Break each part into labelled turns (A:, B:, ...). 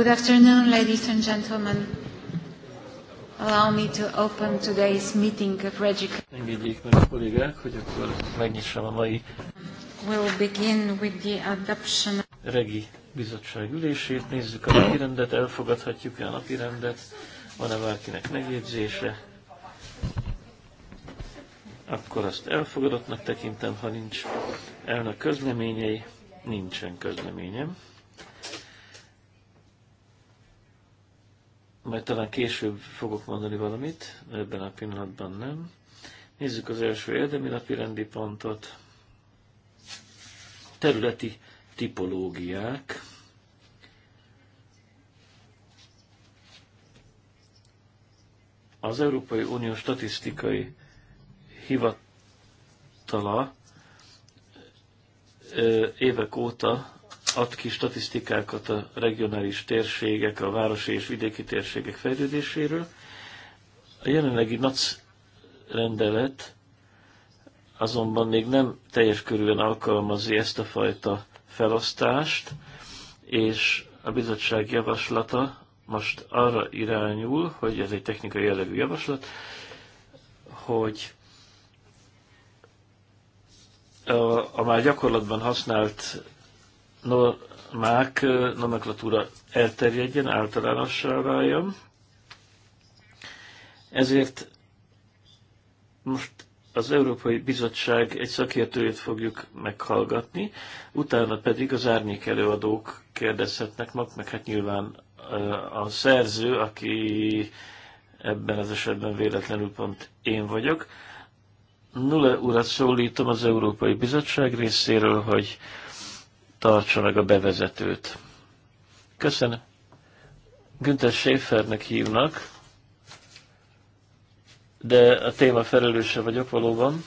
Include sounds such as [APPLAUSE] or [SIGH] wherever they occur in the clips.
A: Good afternoon, ladies and gentlemen. Allow me to open today's meeting of Regi. Engedjék we'll begin with the adoption.
B: Regi bizottság ülését. Nézzük a napirendet, elfogadhatjuk-e a napirendet. Van-e bárkinek megjegyzése? Akkor azt elfogadottnak tekintem, ha nincs elnök közleményei. Nincsen közleményem. majd talán később fogok mondani valamit, ebben a pillanatban nem. Nézzük az első érdemi napi rendi pontot. Területi tipológiák. Az Európai Unió statisztikai hivatala évek óta ad ki statisztikákat a regionális térségek, a városi és vidéki térségek fejlődéséről. A jelenlegi NAC rendelet azonban még nem teljes körülön alkalmazi ezt a fajta felosztást, és a bizottság javaslata most arra irányul, hogy ez egy technikai jellegű javaslat, hogy a, a már gyakorlatban használt normák, nomenklatúra elterjedjen, általánossá váljon. Ezért most az Európai Bizottság egy szakértőjét fogjuk meghallgatni, utána pedig az árnyék előadók kérdezhetnek mag, meg hát nyilván a szerző, aki ebben az esetben véletlenül pont én vagyok. nulla urat szólítom az Európai Bizottság részéről, hogy tartsa meg a bevezetőt. Köszönöm. Günther Schäfernek hívnak, de a téma felelőse vagyok valóban.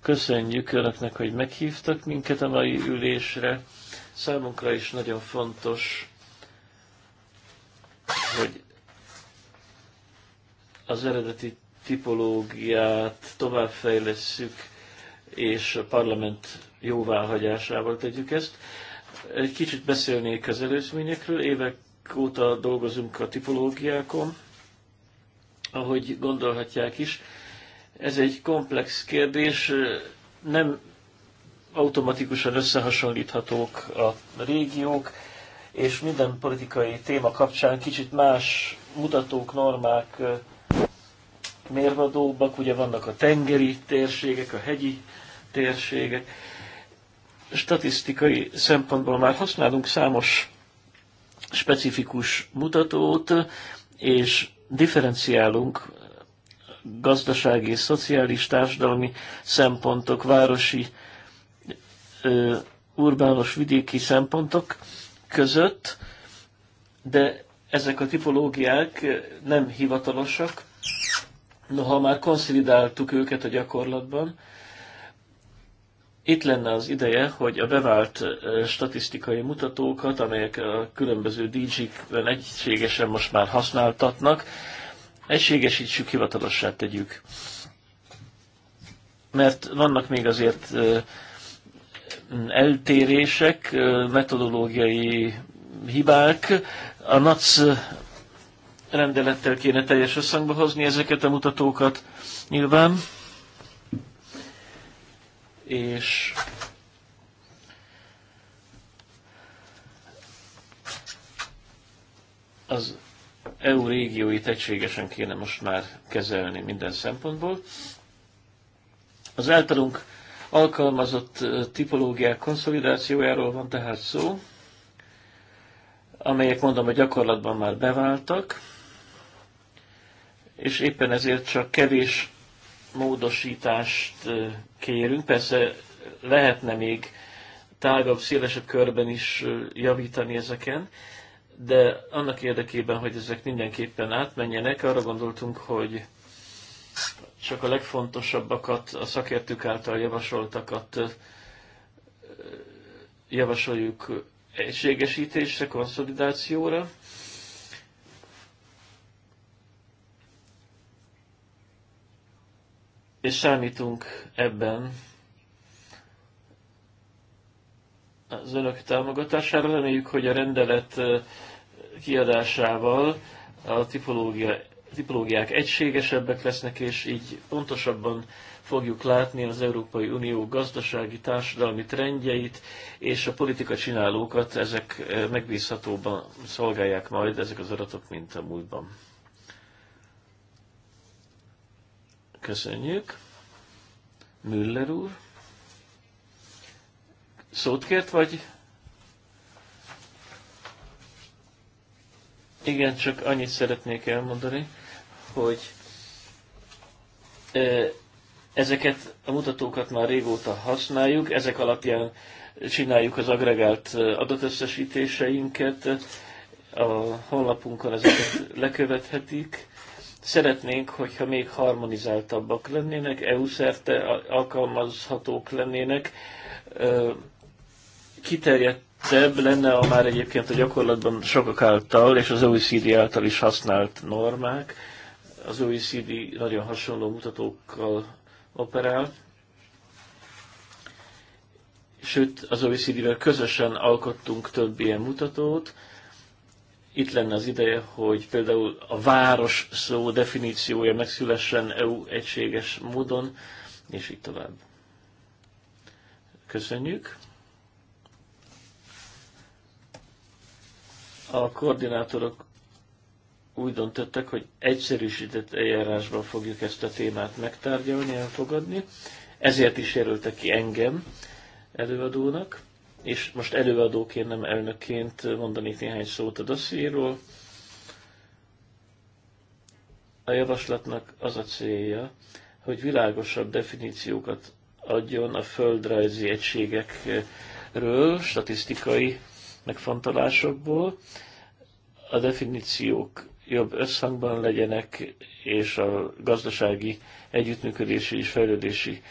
B: Köszönjük Önöknek, hogy meghívtak minket a mai ülésre. Számunkra is nagyon fontos, hogy az eredeti tipológiát továbbfejlesszük, és a parlament jóváhagyásával tegyük ezt. Egy kicsit beszélnék az előzményekről. Évek óta dolgozunk a tipológiákon, ahogy gondolhatják is. Ez egy komplex kérdés, nem automatikusan összehasonlíthatók a régiók, és minden politikai téma kapcsán kicsit más mutatók, normák mérvadóbbak, ugye vannak a tengeri térségek, a hegyi térségek. Statisztikai szempontból már használunk számos specifikus mutatót, és differenciálunk gazdasági és szociális társadalmi szempontok, városi, urbános, vidéki szempontok között, de ezek a tipológiák nem hivatalosak, noha már konszolidáltuk őket a gyakorlatban, itt lenne az ideje, hogy a bevált statisztikai mutatókat, amelyek a különböző dj kben egységesen most már használtatnak, egységesítsük, hivatalossá tegyük. Mert vannak még azért eltérések, metodológiai hibák. A NAC rendelettel kéne teljes összhangba hozni ezeket a mutatókat nyilván és az EU régióit egységesen kéne most már kezelni minden szempontból. Az általunk alkalmazott tipológiák konszolidációjáról van tehát szó, amelyek mondom, hogy gyakorlatban már beváltak, és éppen ezért csak kevés módosítást kérünk. Persze lehetne még tágabb, szélesebb körben is javítani ezeken, de annak érdekében, hogy ezek mindenképpen átmenjenek, arra gondoltunk, hogy csak a legfontosabbakat, a szakértők által javasoltakat javasoljuk egységesítésre, konszolidációra, és számítunk ebben az önök támogatására. Reméljük, hogy a rendelet kiadásával a tipológia, tipológiák egységesebbek lesznek, és így pontosabban fogjuk látni az Európai Unió gazdasági, társadalmi trendjeit, és a politika csinálókat ezek megbízhatóban szolgálják majd ezek az adatok, mint a múltban. Köszönjük. Müller úr. Szót kért, vagy? Igen, csak annyit szeretnék elmondani, hogy ezeket a mutatókat már régóta használjuk, ezek alapján csináljuk az agregált adatösszesítéseinket, a honlapunkon ezeket lekövethetik, Szeretnénk, hogyha még harmonizáltabbak lennének, EU-szerte alkalmazhatók lennének, kiterjedtebb lenne a már egyébként a gyakorlatban sokak által és az OECD által is használt normák. Az OECD nagyon hasonló mutatókkal operál, sőt az OECD-vel közösen alkottunk több ilyen mutatót, itt lenne az ideje, hogy például a város szó definíciója megszülessen EU egységes módon, és így tovább. Köszönjük. A koordinátorok úgy döntöttek, hogy egyszerűsített eljárásban fogjuk ezt a témát megtárgyalni, elfogadni. Ezért is jelöltek ki engem előadónak és most előadóként, nem elnökként mondanék néhány szót a dossziéról. A javaslatnak az a célja, hogy világosabb definíciókat adjon a földrajzi egységekről, statisztikai megfontolásokból. A definíciók jobb összhangban legyenek, és a gazdasági együttműködési és fejlődési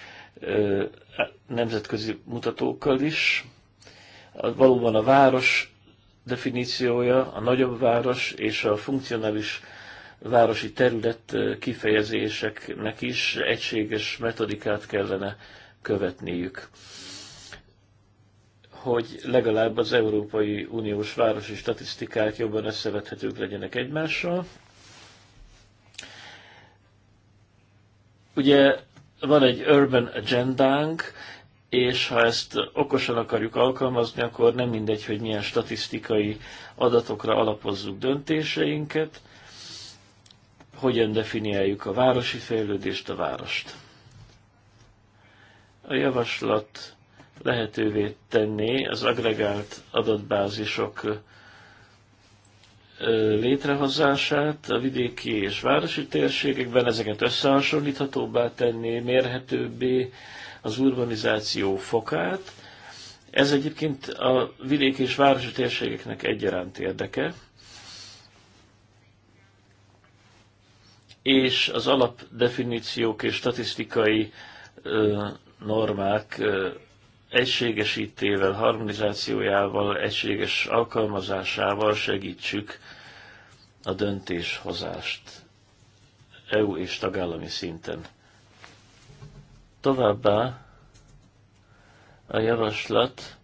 B: nemzetközi mutatókkal is valóban a város definíciója, a nagyobb város és a funkcionális városi terület kifejezéseknek is egységes metodikát kellene követniük, hogy legalább az Európai Uniós városi statisztikák jobban összevethetők legyenek egymással. Ugye van egy urban agendánk, és ha ezt okosan akarjuk alkalmazni, akkor nem mindegy, hogy milyen statisztikai adatokra alapozzuk döntéseinket, hogyan definiáljuk a városi fejlődést, a várost. A javaslat lehetővé tenné az agregált adatbázisok létrehozását a vidéki és városi térségekben, ezeket összehasonlíthatóbbá tenni, mérhetőbbé, az urbanizáció fokát. Ez egyébként a vidék és városi térségeknek egyaránt érdeke, és az alapdefiníciók és statisztikai normák egységesítével, harmonizációjával, egységes alkalmazásával segítsük a döntéshozást EU és tagállami szinten. Továbbá a javaslat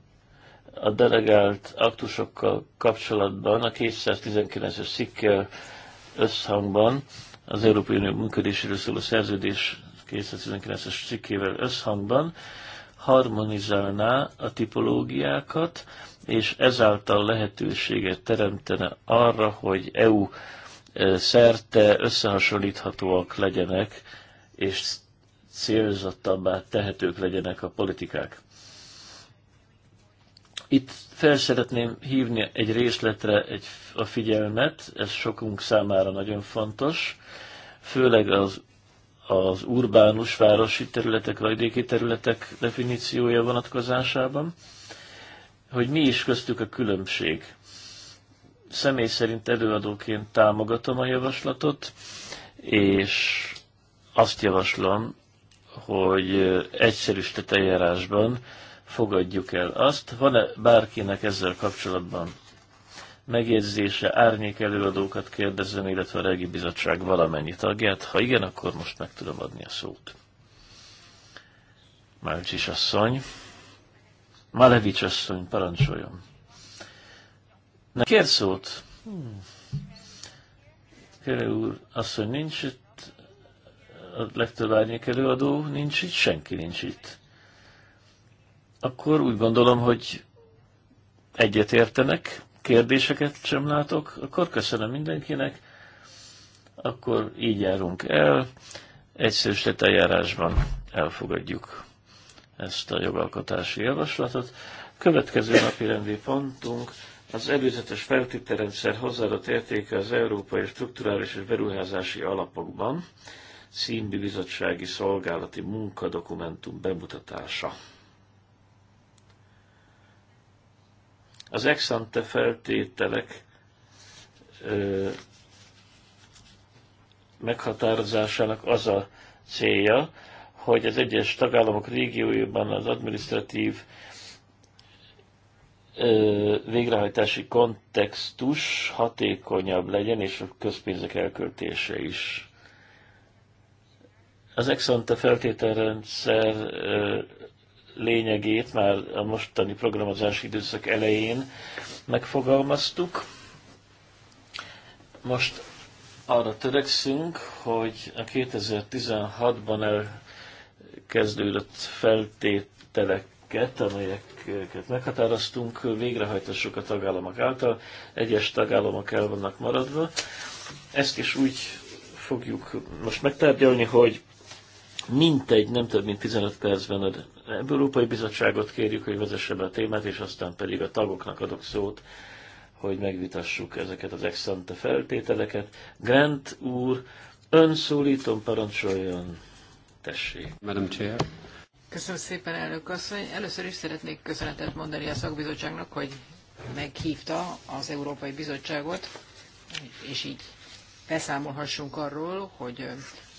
B: a delegált aktusokkal kapcsolatban a 219-es szikkel összhangban az Európai Unió működéséről szóló szerződés 219-es cikkével összhangban harmonizálná a tipológiákat, és ezáltal lehetőséget teremtene arra, hogy EU e, szerte összehasonlíthatóak legyenek, és célzottabbá tehetők legyenek a politikák. Itt fel szeretném hívni egy részletre egy, a figyelmet, ez sokunk számára nagyon fontos, főleg az, az urbánus városi területek, vidéki területek definíciója vonatkozásában, hogy mi is köztük a különbség. Személy szerint előadóként támogatom a javaslatot, és azt javaslom, hogy egyszerűsített eljárásban fogadjuk el azt. Van-e bárkinek ezzel kapcsolatban megjegyzése, árnyék előadókat kérdezem, illetve a Regi Bizottság valamennyi tagját? Ha igen, akkor most meg tudom adni a szót. Málcsis asszony. Malevics asszony, parancsoljon. Ne kér szót. Hm. Kérő úr, asszony nincs itt a legtöbb árnyék előadó nincs itt, senki nincs itt. Akkor úgy gondolom, hogy egyet értenek, kérdéseket sem látok, akkor köszönöm mindenkinek, akkor így járunk el, egyszerűsített eljárásban elfogadjuk ezt a jogalkotási javaslatot. Következő napi rendi pontunk az előzetes feltételrendszer hozzáadott értéke az európai strukturális és beruházási alapokban színbi bizottsági szolgálati munkadokumentum bemutatása. Az exante feltételek ö, meghatározásának az a célja, hogy az egyes tagállamok régióiban az administratív végrehajtási kontextus hatékonyabb legyen, és a közpénzek elköltése is az Exante feltételrendszer lényegét már a mostani programozási időszak elején megfogalmaztuk. Most arra törekszünk, hogy a 2016-ban elkezdődött feltételeket, amelyeket meghatároztunk, végrehajtassuk a tagállamok által. Egyes tagállamok el vannak maradva. Ezt is úgy fogjuk most megtárgyalni, hogy mintegy nem több mint 15 percben az Európai Bizottságot kérjük, hogy vezesse be a témát, és aztán pedig a tagoknak adok szót, hogy megvitassuk ezeket az exante feltételeket. Grant úr, ön szólítom, parancsoljon. Tessék. Madam Chair.
C: Köszönöm szépen, elnök asszony. Először is szeretnék köszönetet mondani a szakbizottságnak, hogy meghívta az Európai Bizottságot, és így beszámolhassunk arról, hogy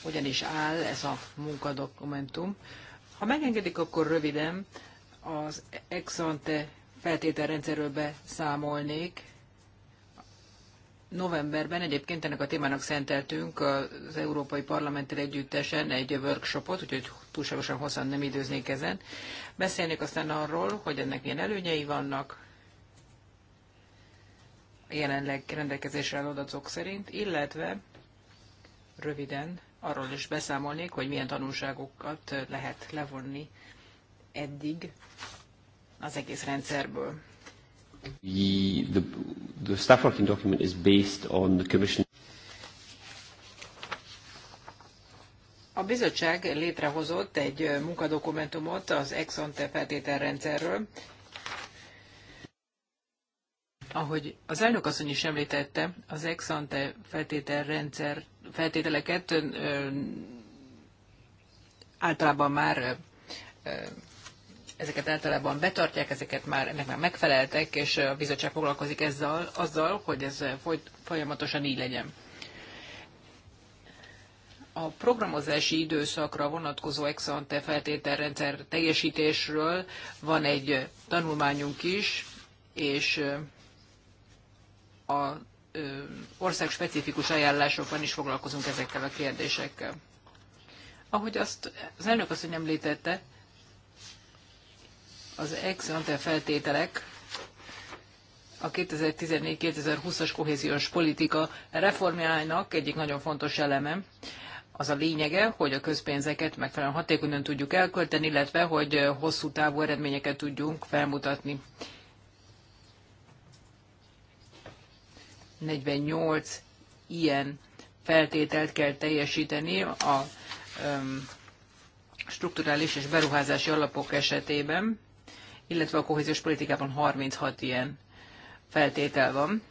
C: hogyan is áll ez a munkadokumentum. Ha megengedik, akkor röviden az ex-ante feltételrendszerről beszámolnék. Novemberben egyébként ennek a témának szenteltünk az Európai Parlamenttel együttesen egy workshopot, úgyhogy túlságosan hosszan nem időznék ezen. Beszélnék aztán arról, hogy ennek milyen előnyei vannak, jelenleg rendelkezésre áll adatok szerint, illetve röviden arról is beszámolnék, hogy milyen tanulságokat lehet levonni eddig az egész rendszerből.
B: The, the, staff working document is based on the commission.
C: A bizottság létrehozott egy munkadokumentumot az ex ante feltételrendszerről, ahogy az elnök asszony is említette, az ex-ante feltételrendszer feltételeket ö, általában már ö, ezeket általában betartják, ezeket már, ennek már megfeleltek, és a bizottság foglalkozik ezzel, azzal, hogy ez folyt, folyamatosan így legyen. A programozási időszakra vonatkozó ex-ante feltételrendszer teljesítésről van egy tanulmányunk is, és a ország specifikus ajánlásokban is foglalkozunk ezekkel a kérdésekkel. Ahogy azt az elnök azt, hogy nem létette, az ex ante feltételek a 2014-2020-as kohéziós politika reformjának egyik nagyon fontos eleme. Az a lényege, hogy a közpénzeket megfelelően hatékonyan tudjuk elkölteni, illetve hogy hosszú távú eredményeket tudjunk felmutatni. 48 ilyen feltételt kell teljesíteni a strukturális és beruházási alapok esetében, illetve a kohéziós politikában 36 ilyen feltétel van.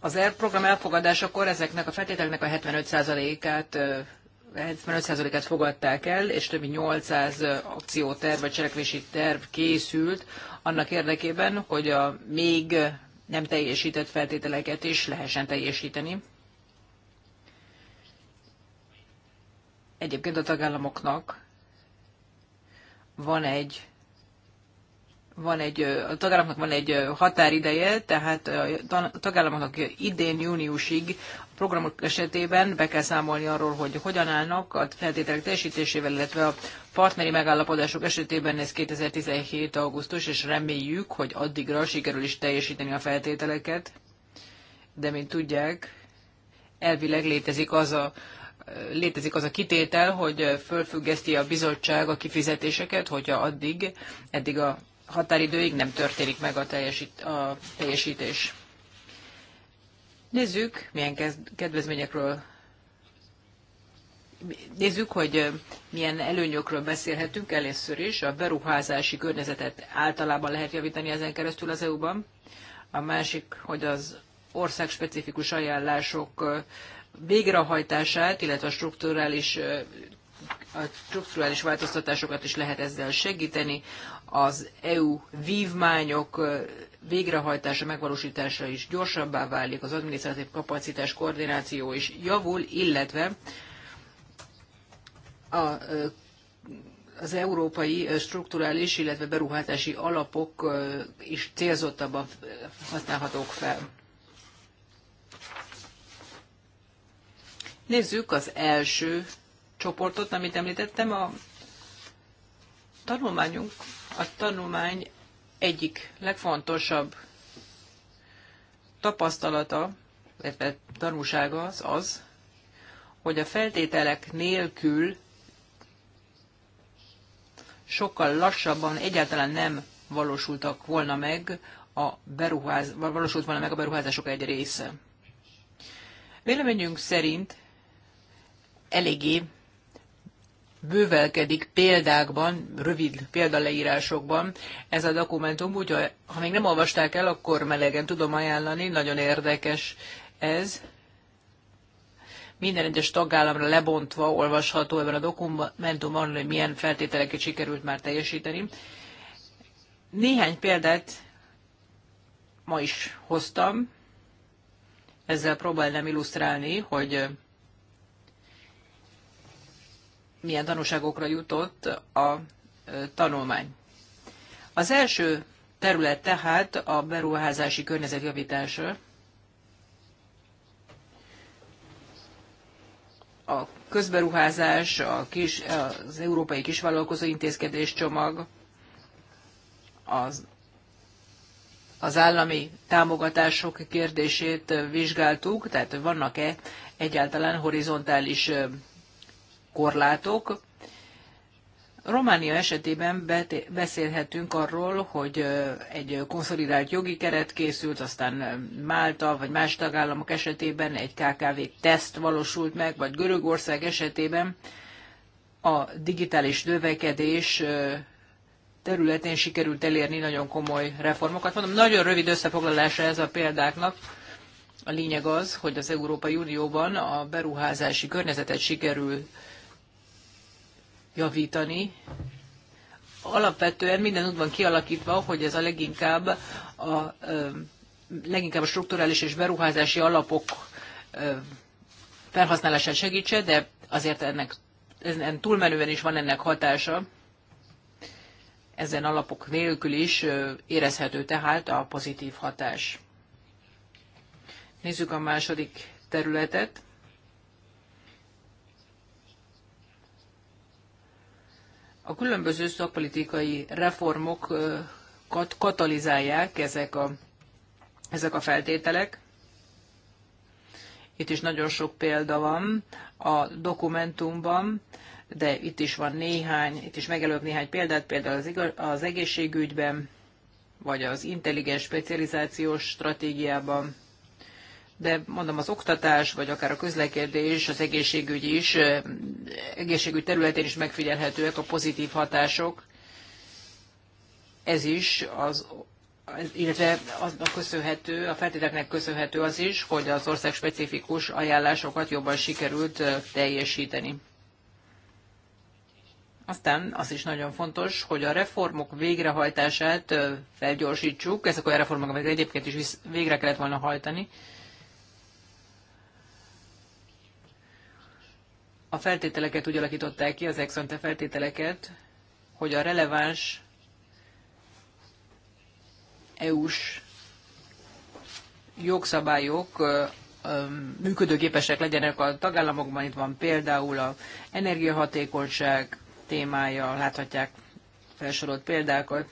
C: Az ERP program elfogadásakor ezeknek a feltételeknek a 75%-át 75%-át fogadták el, és több mint 800 akcióterv vagy cselekvési terv készült annak érdekében, hogy a még nem teljesített feltételeket is lehessen teljesíteni. Egyébként a tagállamoknak van egy van egy, a tagállamoknak van egy határideje, tehát a tagállamoknak idén júniusig programok esetében be kell számolni arról, hogy hogyan állnak a feltételek teljesítésével, illetve a partneri megállapodások esetében ez 2017. augusztus, és reméljük, hogy addigra sikerül is teljesíteni a feltételeket. De mint tudják, elvileg létezik az a létezik az a kitétel, hogy fölfüggeszti a bizottság a kifizetéseket, hogyha addig, eddig a határidőig nem történik meg a, teljesít, a teljesítés. Nézzük, milyen kedvezményekről Nézzük, hogy milyen előnyökről beszélhetünk először is. A beruházási környezetet általában lehet javítani ezen keresztül az EU-ban. A másik, hogy az ország specifikus ajánlások végrehajtását, illetve a strukturális a strukturális változtatásokat is lehet ezzel segíteni. Az EU vívmányok végrehajtása, megvalósítása is gyorsabbá válik, az adminisztratív kapacitás koordináció is javul, illetve a, az európai strukturális, illetve beruházási alapok is célzottabban használhatók fel. Nézzük az első csoportot, amit említettem. A tanulmányunk, a tanulmány egyik legfontosabb tapasztalata, illetve tanúsága az az, hogy a feltételek nélkül sokkal lassabban egyáltalán nem valósultak volna meg a beruház, valósult volna meg a beruházások egy része. Véleményünk szerint eléggé bővelkedik példákban, rövid példaleírásokban ez a dokumentum, úgyhogy ha még nem olvasták el, akkor melegen tudom ajánlani, nagyon érdekes ez. Minden egyes tagállamra lebontva olvasható ebben a dokumentumban, hogy milyen feltételeket sikerült már teljesíteni. Néhány példát ma is hoztam, ezzel próbálnám illusztrálni, hogy milyen tanúságokra jutott a tanulmány. Az első terület tehát a beruházási környezet A közberuházás, a kis, az Európai Kisvállalkozó Intézkedés csomag, az, az állami támogatások kérdését vizsgáltuk, tehát vannak-e egyáltalán horizontális korlátok. Románia esetében beszélhetünk arról, hogy egy konszolidált jogi keret készült, aztán Málta vagy más tagállamok esetében egy KKV teszt valósult meg, vagy Görögország esetében a digitális növekedés területén sikerült elérni nagyon komoly reformokat. Mondom, nagyon rövid összefoglalása ez a példáknak. A lényeg az, hogy az Európai Unióban a beruházási környezetet sikerül javítani. Alapvetően minden úgy van kialakítva, hogy ez a leginkább a, leginkább a strukturális és beruházási alapok felhasználását segítse, de azért ennek ezen túlmenően is van ennek hatása. Ezen alapok nélkül is érezhető tehát a pozitív hatás. Nézzük a második területet. A különböző szakpolitikai reformokat katalizálják ezek a, ezek a feltételek. Itt is nagyon sok példa van a dokumentumban, de itt is van néhány, itt is megelőbb néhány példát, például az, igaz, az egészségügyben, vagy az intelligens specializációs stratégiában de mondom az oktatás, vagy akár a közlekedés, az egészségügy is, egészségügy területén is megfigyelhetőek a pozitív hatások. Ez is az illetve aznak köszönhető, a feltételeknek köszönhető az is, hogy az ország specifikus ajánlásokat jobban sikerült teljesíteni. Aztán az is nagyon fontos, hogy a reformok végrehajtását felgyorsítsuk. Ezek olyan reformok, amelyek egyébként is végre kellett volna hajtani. a feltételeket úgy alakították ki, az exante feltételeket, hogy a releváns EU-s jogszabályok működőképesek legyenek a tagállamokban. Itt van például a energiahatékonyság témája, láthatják felsorolt példákat.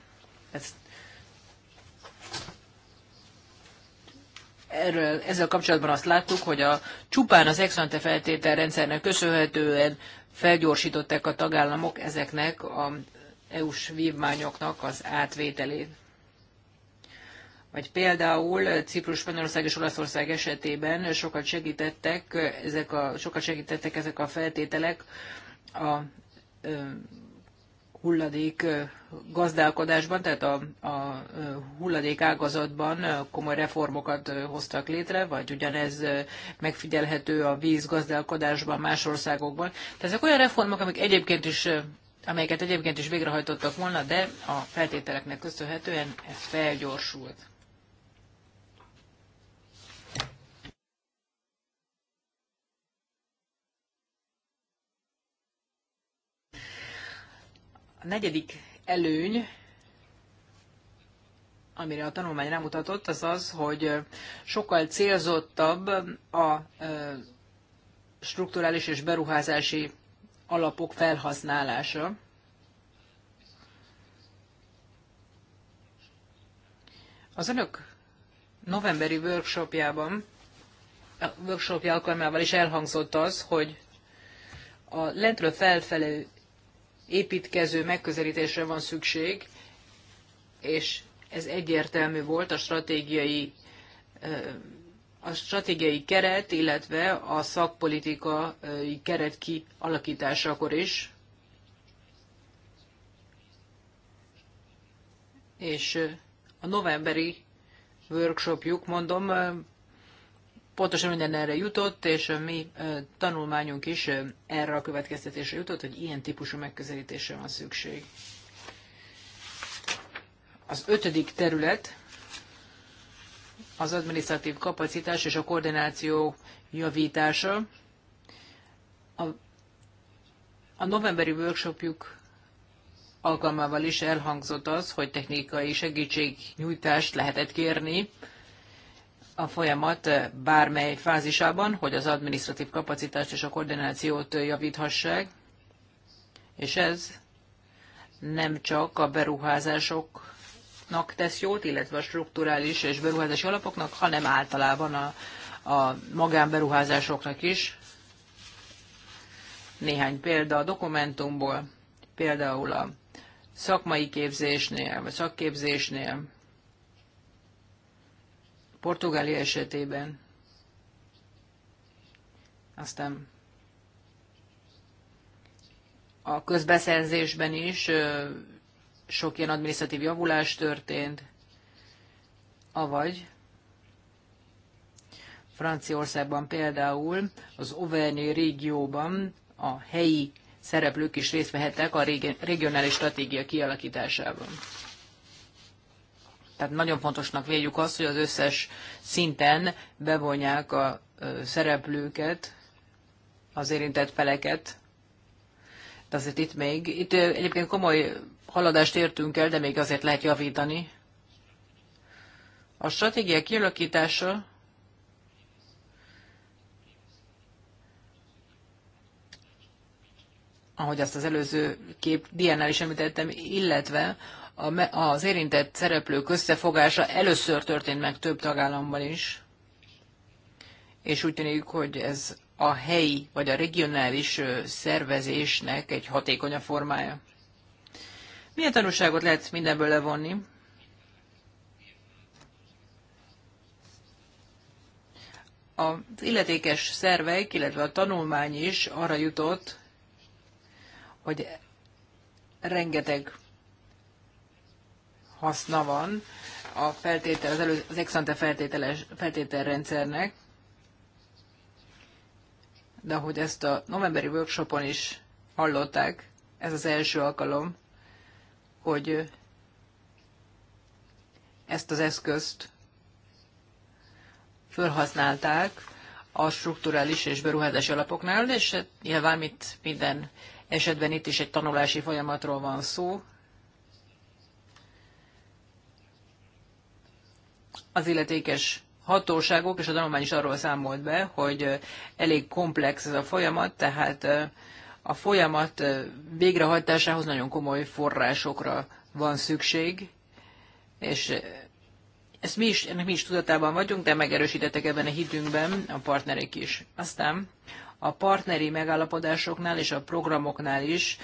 C: Ezt erről, ezzel kapcsolatban azt láttuk, hogy a csupán az ex-ante feltételrendszernek köszönhetően felgyorsították a tagállamok ezeknek a EU-s vívmányoknak az átvételét. Vagy például Ciprus, Spanyolország és Olaszország esetében sokat segítettek ezek a, sokat segítettek ezek a feltételek a hulladék gazdálkodásban, tehát a, a hulladék ágazatban komoly reformokat hoztak létre, vagy ugyanez megfigyelhető a vízgazdálkodásban más országokban. Tehát ezek olyan reformok, amik egyébként is amelyeket egyébként is végrehajtottak volna, de a feltételeknek köszönhetően ez felgyorsult. negyedik előny, amire a tanulmány rámutatott, az az, hogy sokkal célzottabb a strukturális és beruházási alapok felhasználása. Az önök novemberi workshopjában, a workshopja alkalmával is elhangzott az, hogy a lentről felfelé építkező megközelítésre van szükség, és ez egyértelmű volt a stratégiai, a stratégiai keret, illetve a szakpolitikai keret kialakításakor is. És a novemberi workshopjuk, mondom, pontosan minden erre jutott, és a mi tanulmányunk is erre a következtetésre jutott, hogy ilyen típusú megközelítésre van szükség. Az ötödik terület az administratív kapacitás és a koordináció javítása. A, a novemberi workshopjuk alkalmával is elhangzott az, hogy technikai segítségnyújtást lehetett kérni a folyamat eh, bármely fázisában, hogy az administratív kapacitást és a koordinációt eh, javíthassák, és ez nem csak a beruházásoknak tesz jót, illetve a strukturális és beruházási alapoknak, hanem általában a, a magánberuházásoknak is. Néhány példa a dokumentumból, például a szakmai képzésnél, vagy szakképzésnél, Portugália esetében. Aztán a közbeszerzésben is sok ilyen adminisztratív javulás történt, avagy Franciaországban például az Auvergne régióban a helyi szereplők is részt vehettek a regionális stratégia kialakításában tehát nagyon fontosnak véljük azt, hogy az összes szinten bevonják a szereplőket, az érintett feleket. De azért itt még, itt egyébként komoly haladást értünk el, de még azért lehet javítani. A stratégia kialakítása ahogy azt az előző kép diánál is említettem, illetve az érintett szereplők összefogása először történt meg több tagállamban is, és úgy tűnik, hogy ez a helyi vagy a regionális szervezésnek egy hatékonyabb formája. Milyen tanulságot lehet mindenből levonni? Az illetékes szervek, illetve a tanulmány is arra jutott, hogy rengeteg haszna van a feltétel, az, elő, az ex-ante feltételes, feltételrendszernek, de ahogy ezt a novemberi workshopon is hallották, ez az első alkalom, hogy ezt az eszközt felhasználták a strukturális és beruházási alapoknál, és hát nyilván itt minden esetben itt is egy tanulási folyamatról van szó, az illetékes hatóságok, és a tanulmány is arról számolt be, hogy elég komplex ez a folyamat, tehát a folyamat végrehajtásához nagyon komoly forrásokra van szükség, és ezt mi is, ennek mi is tudatában vagyunk, de megerősítettek ebben a hitünkben a partnerek is. Aztán a partneri megállapodásoknál és a programoknál is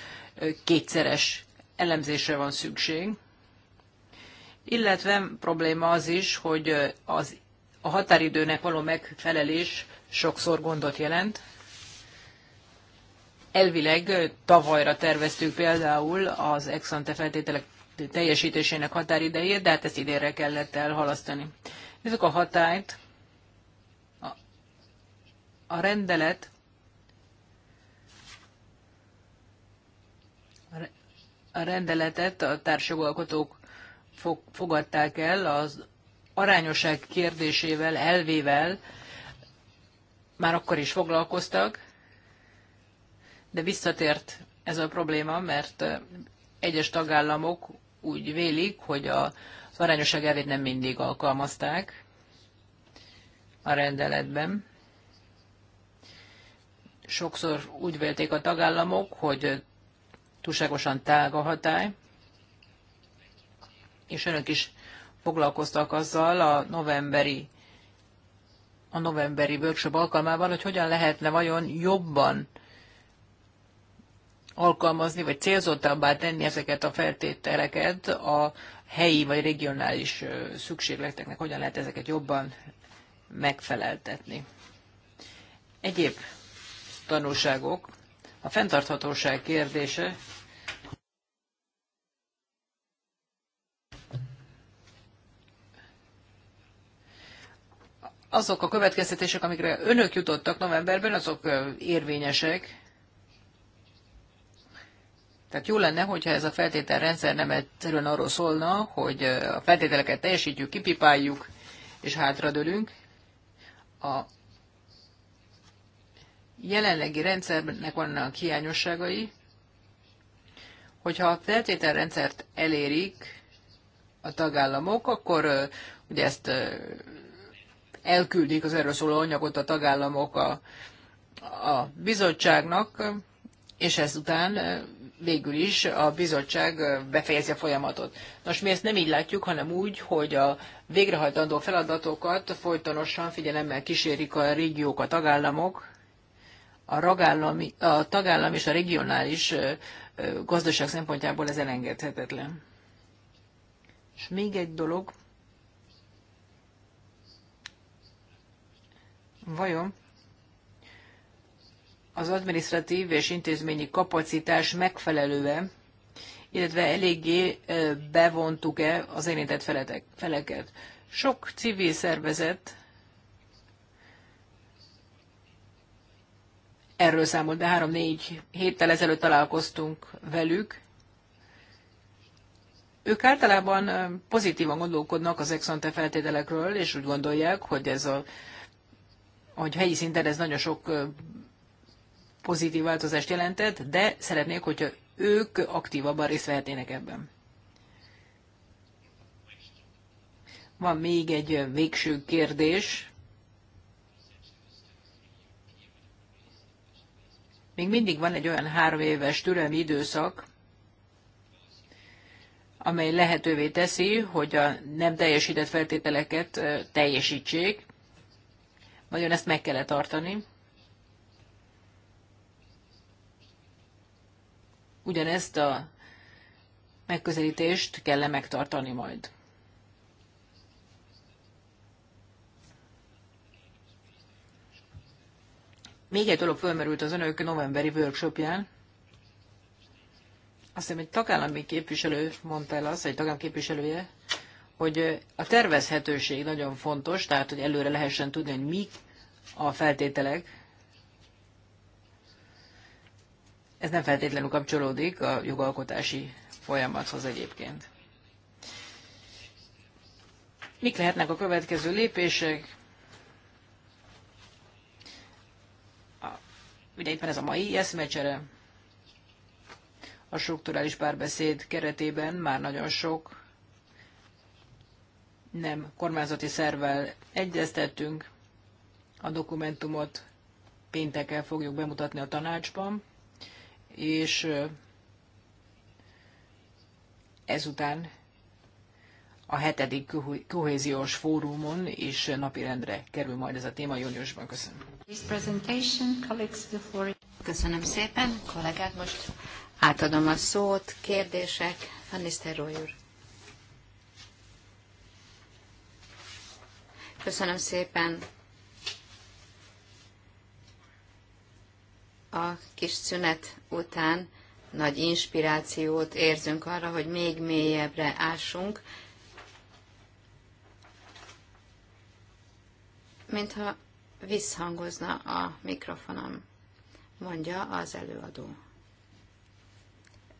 C: kétszeres elemzésre van szükség illetve probléma az is, hogy az, a határidőnek való megfelelés sokszor gondot jelent. Elvileg tavalyra terveztük például az exante feltételek teljesítésének határidejét, de hát ezt idénre kellett elhalasztani. Nézzük a hatályt. A, a rendelet a rendeletet a társjogalkotók fogadták el az arányosság kérdésével, elvével, már akkor is foglalkoztak, de visszatért ez a probléma, mert egyes tagállamok úgy vélik, hogy a az arányosság elvét nem mindig alkalmazták a rendeletben. Sokszor úgy vélték a tagállamok, hogy túlságosan tág a hatály, és önök is foglalkoztak azzal a novemberi a novemberi workshop alkalmával, hogy hogyan lehetne vajon jobban alkalmazni, vagy célzottabbá tenni ezeket a feltételeket a helyi vagy regionális szükségleteknek, hogyan lehet ezeket jobban megfeleltetni. Egyéb tanulságok. A fenntarthatóság kérdése azok a következtetések, amikre önök jutottak novemberben, azok érvényesek. Tehát jó lenne, hogyha ez a feltételrendszer nem egyszerűen arról szólna, hogy a feltételeket teljesítjük, kipipáljuk és hátradőlünk. A jelenlegi rendszernek vannak hiányosságai, hogyha a feltételrendszert elérik a tagállamok, akkor ugye ezt elküldik az erről szóló anyagot a tagállamok a, a bizottságnak, és ezután végül is a bizottság befejezi a folyamatot. Nos, mi ezt nem így látjuk, hanem úgy, hogy a végrehajtandó feladatokat folytonosan figyelemmel kísérik a régiók, a tagállamok, a, ragállami, a tagállam és a regionális gazdaság szempontjából ez elengedhetetlen. És még egy dolog, Vajon az administratív és intézményi kapacitás megfelelően, illetve eléggé bevontuk-e az érintett feleket. Sok civil szervezet erről számolt, de három-négy héttel ezelőtt találkoztunk velük. Ők általában pozitívan gondolkodnak az exante feltételekről, és úgy gondolják, hogy ez a hogy helyi szinten ez nagyon sok pozitív változást jelentett, de szeretnék, hogyha ők aktívabban részt vehetnének ebben. Van még egy végső kérdés. Még mindig van egy olyan három éves türelmi időszak, amely lehetővé teszi, hogy a nem teljesített feltételeket teljesítsék, nagyon ezt meg kellett tartani. Ugyanezt a megközelítést kell -e megtartani majd. Még egy dolog fölmerült az önök novemberi workshopján. Azt hiszem, egy tagállami képviselő mondta el azt, egy tagállami képviselője, hogy a tervezhetőség nagyon fontos, tehát hogy előre lehessen tudni, hogy mik a feltételek. Ez nem feltétlenül kapcsolódik a jogalkotási folyamathoz egyébként. Mik lehetnek a következő lépések? A, ugye éppen ez a mai eszmecsere. A strukturális párbeszéd keretében már nagyon sok nem kormányzati szervvel egyeztettünk, a dokumentumot pénteken fogjuk bemutatni a tanácsban, és ezután a hetedik kohéziós fórumon is napirendre kerül majd ez a téma júniusban. Köszönöm.
A: Köszönöm szépen, kollégák, most átadom a szót, kérdések, Hannister úr. Köszönöm szépen a kis szünet után nagy inspirációt érzünk arra, hogy még mélyebbre ássunk, mintha visszhangozna a mikrofonom, mondja az előadó.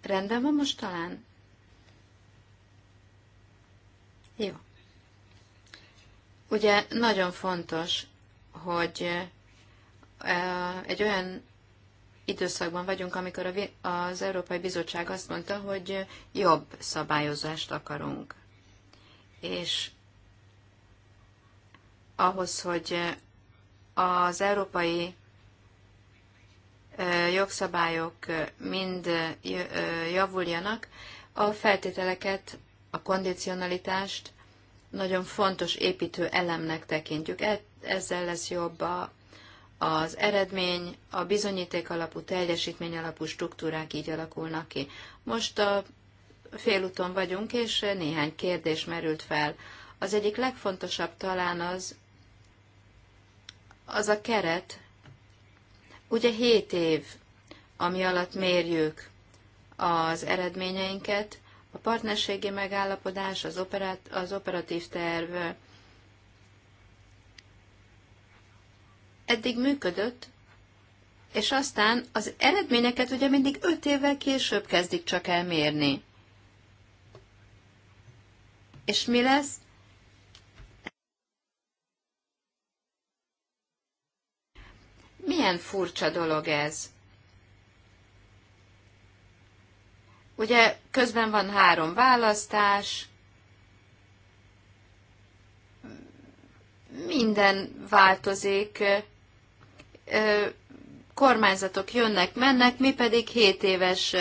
A: Rendben van most talán? Jó. Ugye nagyon fontos, hogy eh, egy olyan időszakban vagyunk, amikor az Európai Bizottság azt mondta, hogy jobb szabályozást akarunk. És ahhoz, hogy az európai eh, jogszabályok mind eh, javuljanak, a feltételeket, a kondicionalitást nagyon fontos építő elemnek tekintjük. E- ezzel lesz jobb a, az eredmény, a bizonyíték alapú, teljesítmény alapú struktúrák így alakulnak ki. Most a félúton vagyunk, és néhány kérdés merült fel. Az egyik legfontosabb talán az, az a keret, ugye 7 év, ami alatt mérjük az eredményeinket, a partnerségi megállapodás, az, operát, az operatív terv eddig működött, és aztán az eredményeket ugye mindig öt évvel később kezdik csak elmérni. És mi lesz? Milyen furcsa dolog ez? Ugye közben van három választás, minden változik, kormányzatok jönnek, mennek, mi pedig 7 éves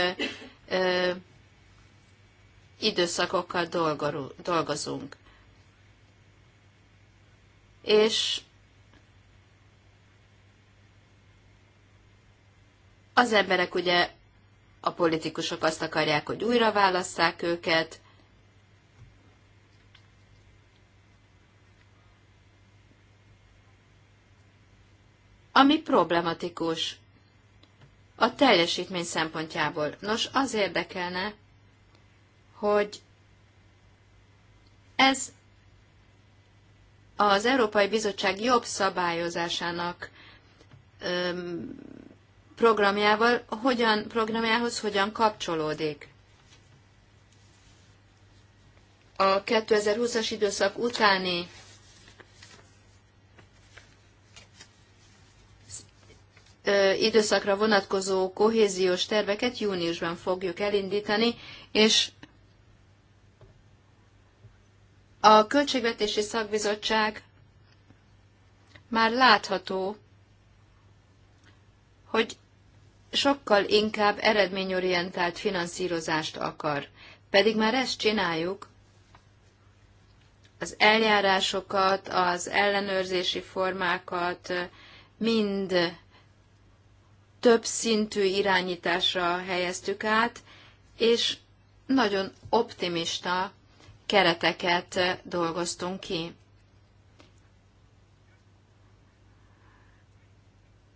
A: időszakokkal dolgozunk. És az emberek ugye a politikusok azt akarják, hogy újra válasszák őket, ami problematikus a teljesítmény szempontjából. Nos, az érdekelne, hogy ez az Európai Bizottság jobb szabályozásának öm, programjával, hogyan, programjához hogyan kapcsolódik. A 2020-as időszak utáni időszakra vonatkozó kohéziós terveket júniusban fogjuk elindítani, és a Költségvetési Szakbizottság már látható, hogy sokkal inkább eredményorientált finanszírozást akar. Pedig már ezt csináljuk, az eljárásokat, az ellenőrzési formákat mind több szintű irányításra helyeztük át, és nagyon optimista kereteket dolgoztunk ki.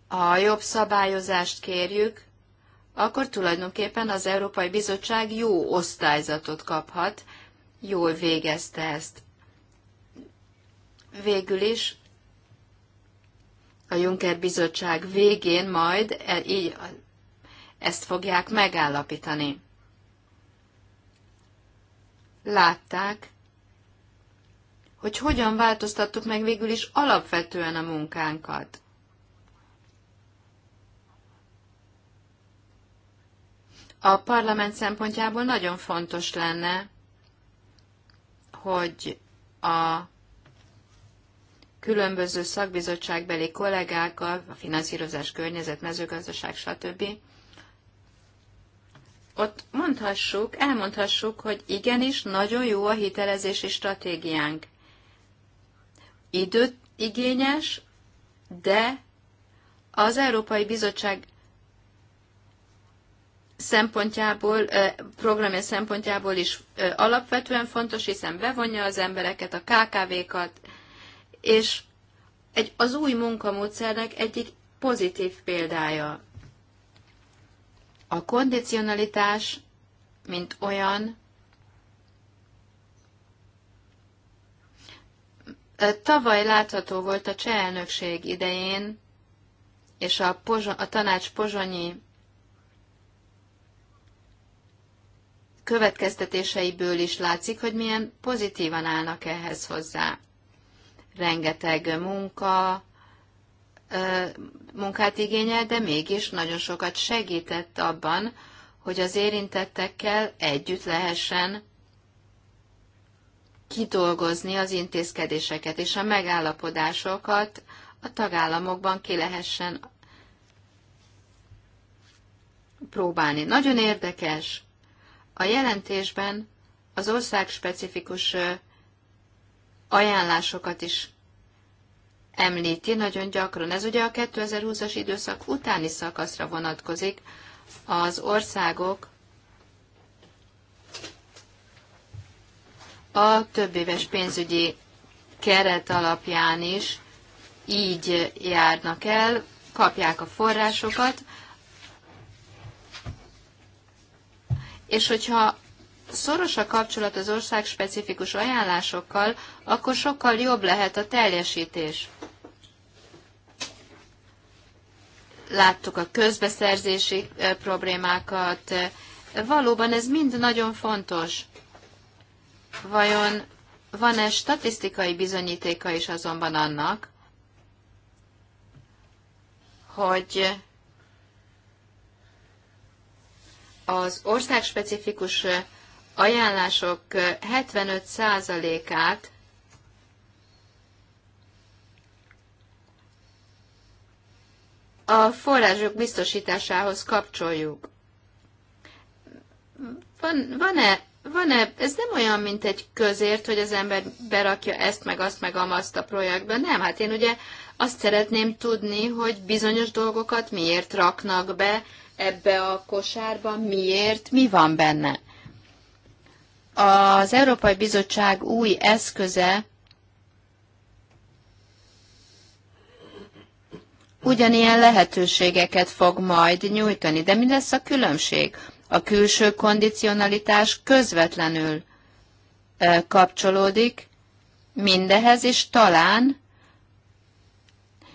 A: A jobb szabályozást kérjük, akkor tulajdonképpen az Európai Bizottság jó osztályzatot kaphat, jól végezte ezt. Végül is a Juncker Bizottság végén majd e, így ezt fogják megállapítani. Látták, hogy hogyan változtattuk meg végül is alapvetően a munkánkat. A parlament szempontjából nagyon fontos lenne, hogy a különböző szakbizottságbeli kollégákkal, a finanszírozás, környezet, mezőgazdaság, stb. Ott mondhassuk, elmondhassuk, hogy igenis, nagyon jó a hitelezési stratégiánk. Időt igényes, de az Európai Bizottság szempontjából, programja szempontjából is alapvetően fontos, hiszen bevonja az embereket, a KKV-kat, és egy, az új munkamódszernek egyik pozitív példája. A kondicionalitás, mint olyan, Tavaly látható volt a cseh elnökség idején, és a, pozson, a tanács pozsonyi következtetéseiből is látszik, hogy milyen pozitívan állnak ehhez hozzá. Rengeteg munka, munkát igényel, de mégis nagyon sokat segített abban, hogy az érintettekkel együtt lehessen kidolgozni az intézkedéseket és a megállapodásokat a tagállamokban ki lehessen próbálni. Nagyon érdekes, a jelentésben az ország specifikus ajánlásokat is említi nagyon gyakran. Ez ugye a 2020-as időszak utáni szakaszra vonatkozik. Az országok a többéves pénzügyi keret alapján is így járnak el, kapják a forrásokat, és hogyha szoros a kapcsolat az ország specifikus ajánlásokkal, akkor sokkal jobb lehet a teljesítés. Láttuk a közbeszerzési problémákat. Valóban ez mind nagyon fontos. Vajon van-e statisztikai bizonyítéka is azonban annak, hogy az országspecifikus ajánlások 75%-át a források biztosításához kapcsoljuk. Van, van-e, van-e, ez nem olyan, mint egy közért, hogy az ember berakja ezt, meg azt, meg amazt a projektbe. Nem, hát én ugye azt szeretném tudni, hogy bizonyos dolgokat miért raknak be, ebbe a kosárban, miért, mi van benne. Az Európai Bizottság új eszköze ugyanilyen lehetőségeket fog majd nyújtani, de mi lesz a különbség? A külső kondicionalitás közvetlenül kapcsolódik mindehez, és talán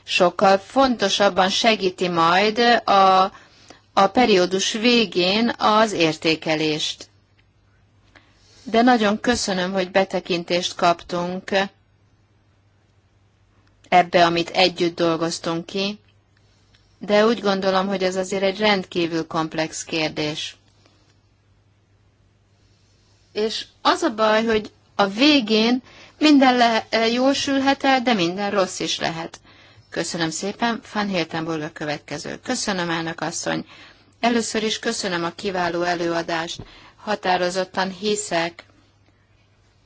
A: sokkal fontosabban segíti majd a a periódus végén az értékelést. De nagyon köszönöm, hogy betekintést kaptunk ebbe, amit együtt dolgoztunk ki, de úgy gondolom, hogy ez azért egy rendkívül komplex kérdés. És az a baj, hogy a végén minden le- jósülhet el, de minden rossz is lehet. Köszönöm szépen, Van Hiltenburg a következő. Köszönöm, elnök asszony. Először is köszönöm a kiváló előadást. Határozottan hiszek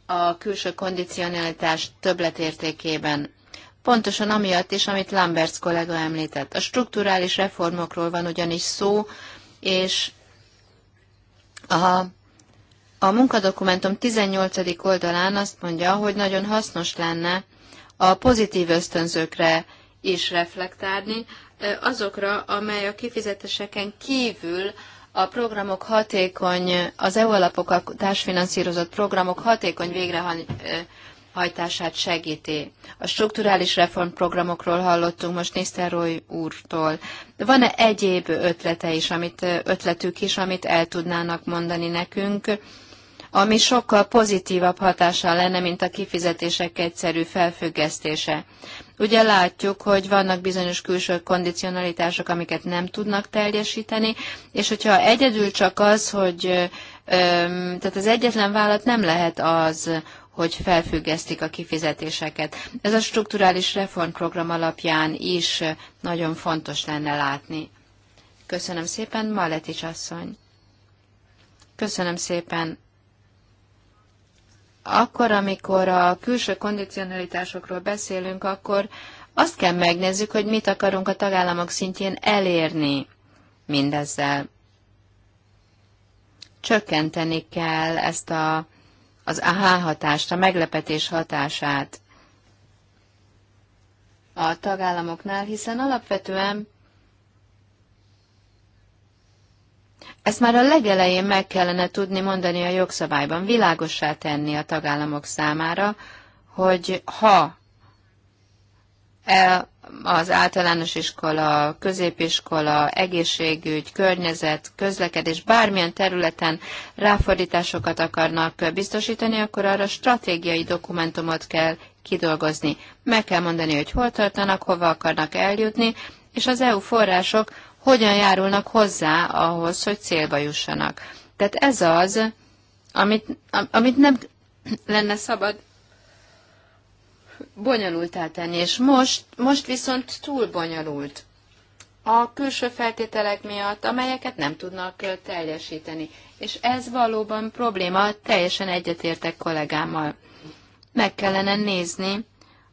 A: a külső kondicionalitás többletértékében. Pontosan amiatt is, amit Lamberts kollega említett. A strukturális reformokról van ugyanis szó, és a, a munkadokumentum 18. oldalán azt mondja, hogy nagyon hasznos lenne a pozitív ösztönzőkre is reflektálni azokra, amely a kifizetéseken kívül a programok hatékony, az EU a társfinanszírozott programok hatékony végrehajtását segíti. A strukturális reformprogramokról hallottunk most Nisztelrooy úrtól. Van-e egyéb ötlete is, amit, ötletük is, amit el tudnának mondani nekünk, ami sokkal pozitívabb hatással lenne, mint a kifizetések egyszerű felfüggesztése? Ugye látjuk, hogy vannak bizonyos külső kondicionalitások, amiket nem tudnak teljesíteni, és hogyha egyedül csak az, hogy tehát az egyetlen vállalat nem lehet az, hogy felfüggesztik a kifizetéseket. Ez a strukturális reformprogram alapján is nagyon fontos lenne látni. Köszönöm szépen, Maletics asszony. Köszönöm szépen akkor, amikor a külső kondicionalitásokról beszélünk, akkor azt kell megnézzük, hogy mit akarunk a tagállamok szintjén elérni mindezzel. Csökkenteni kell ezt a, az aha hatást, a meglepetés hatását a tagállamoknál, hiszen alapvetően Ezt már a legelején meg kellene tudni mondani a jogszabályban, világossá tenni a tagállamok számára, hogy ha e az általános iskola, középiskola, egészségügy, környezet, közlekedés, bármilyen területen ráfordításokat akarnak biztosítani, akkor arra stratégiai dokumentumot kell kidolgozni. Meg kell mondani, hogy hol tartanak, hova akarnak eljutni, és az EU források hogyan járulnak hozzá ahhoz, hogy célba jussanak. Tehát ez az, amit, amit nem lenne szabad bonyolultá tenni, és most, most viszont túl bonyolult a külső feltételek miatt, amelyeket nem tudnak teljesíteni. És ez valóban probléma, teljesen egyetértek kollégámmal. Meg kellene nézni,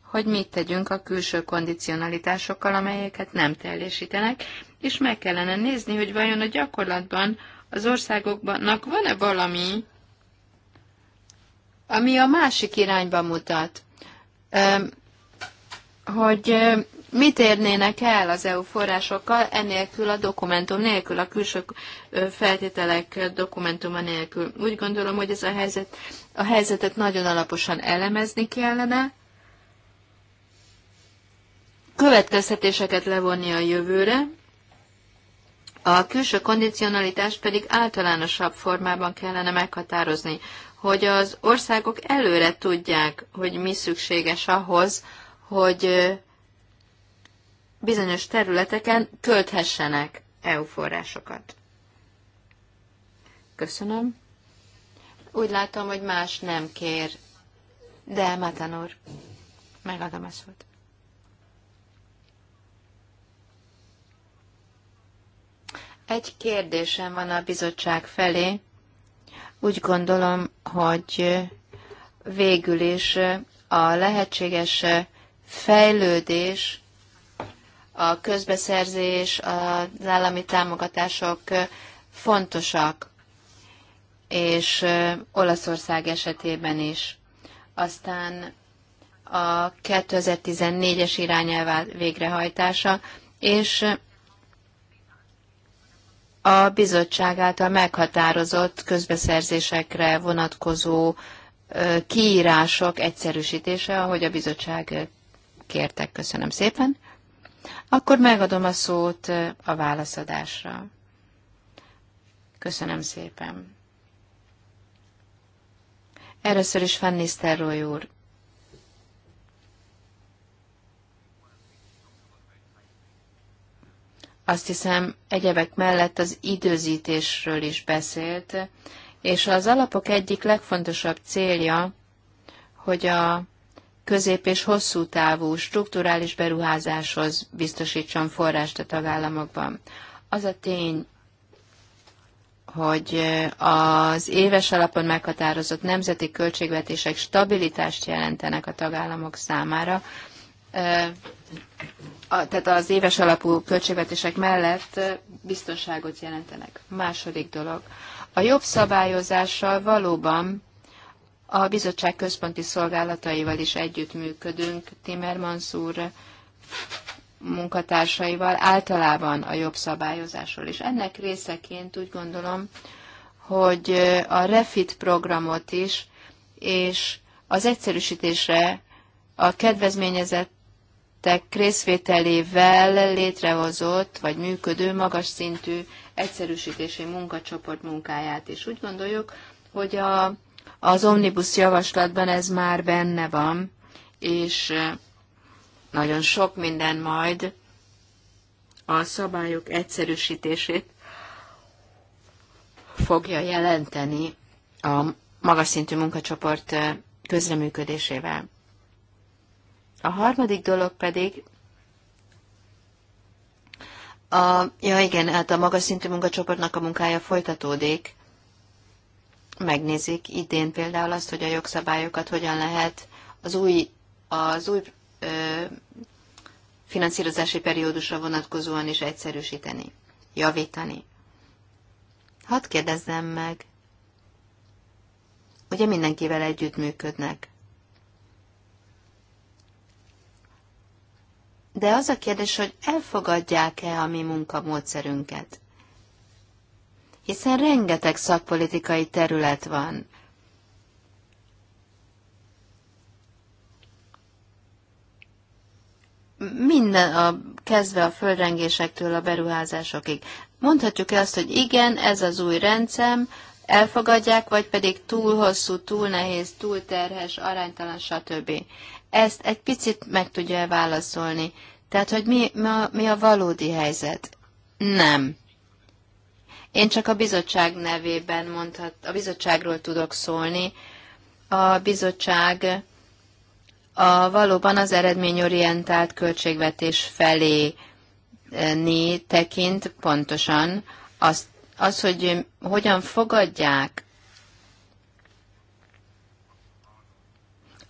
A: hogy mit tegyünk a külső kondicionalitásokkal, amelyeket nem teljesítenek, és meg kellene nézni, hogy vajon a gyakorlatban az országoknak van-e valami, ami a másik irányba mutat, hogy mit érnének el az EU forrásokkal, enélkül a dokumentum nélkül, a külső feltételek dokumentuma nélkül. Úgy gondolom, hogy ez a helyzet, a helyzetet nagyon alaposan elemezni kellene, következtetéseket levonni a jövőre, a külső kondicionalitást pedig általánosabb formában kellene meghatározni, hogy az országok előre tudják, hogy mi szükséges ahhoz, hogy bizonyos területeken költhessenek EU forrásokat. Köszönöm. Úgy látom, hogy más nem kér. De, Matanor megadom a szót. Egy kérdésem van a bizottság felé. Úgy gondolom, hogy végül is a lehetséges fejlődés, a közbeszerzés, az állami támogatások fontosak, és Olaszország esetében is. Aztán a 2014-es irányelv végrehajtása, és a bizottság által meghatározott közbeszerzésekre vonatkozó kiírások egyszerűsítése, ahogy a bizottság kértek. Köszönöm szépen. Akkor megadom a szót a válaszadásra. Köszönöm szépen. Először is Van Nisztelrooy úr. azt hiszem egyebek mellett az időzítésről is beszélt, és az alapok egyik legfontosabb célja, hogy a közép- és hosszú távú strukturális beruházáshoz biztosítson forrást a tagállamokban. Az a tény, hogy az éves alapon meghatározott nemzeti költségvetések stabilitást jelentenek a tagállamok számára, a, tehát az éves alapú költségvetések mellett biztonságot jelentenek. Második dolog. A jobb szabályozással valóban a bizottság központi szolgálataival is együttműködünk, Timmermans úr munkatársaival, általában a jobb szabályozásról is. Ennek részeként úgy gondolom, hogy a REFIT programot is, és az egyszerűsítésre a kedvezményezett érintettek részvételével létrehozott vagy működő magas szintű egyszerűsítési munkacsoport munkáját is. Úgy gondoljuk, hogy a, az omnibus javaslatban ez már benne van, és nagyon sok minden majd a szabályok egyszerűsítését fogja jelenteni a magas szintű munkacsoport közreműködésével. A harmadik dolog pedig, a, ja igen, hát a magas szintű munkacsoportnak a munkája folytatódik. Megnézik idén például azt, hogy a jogszabályokat hogyan lehet az új, az új ö, finanszírozási periódusra vonatkozóan is egyszerűsíteni, javítani. Hadd kérdezzem meg, ugye mindenkivel együttműködnek? De az a kérdés, hogy elfogadják-e a mi munkamódszerünket? Hiszen rengeteg szakpolitikai terület van. Minden, a, kezdve a földrengésektől a beruházásokig. Mondhatjuk-e azt, hogy igen, ez az új rendszem, elfogadják, vagy pedig túl hosszú, túl nehéz, túl terhes, aránytalan, stb. Ezt egy picit meg tudja -e válaszolni. Tehát, hogy mi, mi, a, mi a valódi helyzet? Nem. Én csak a bizottság nevében mondhat, a bizottságról tudok szólni. A bizottság a valóban az eredményorientált költségvetés felé eh, tekint pontosan azt, az, hogy hogyan fogadják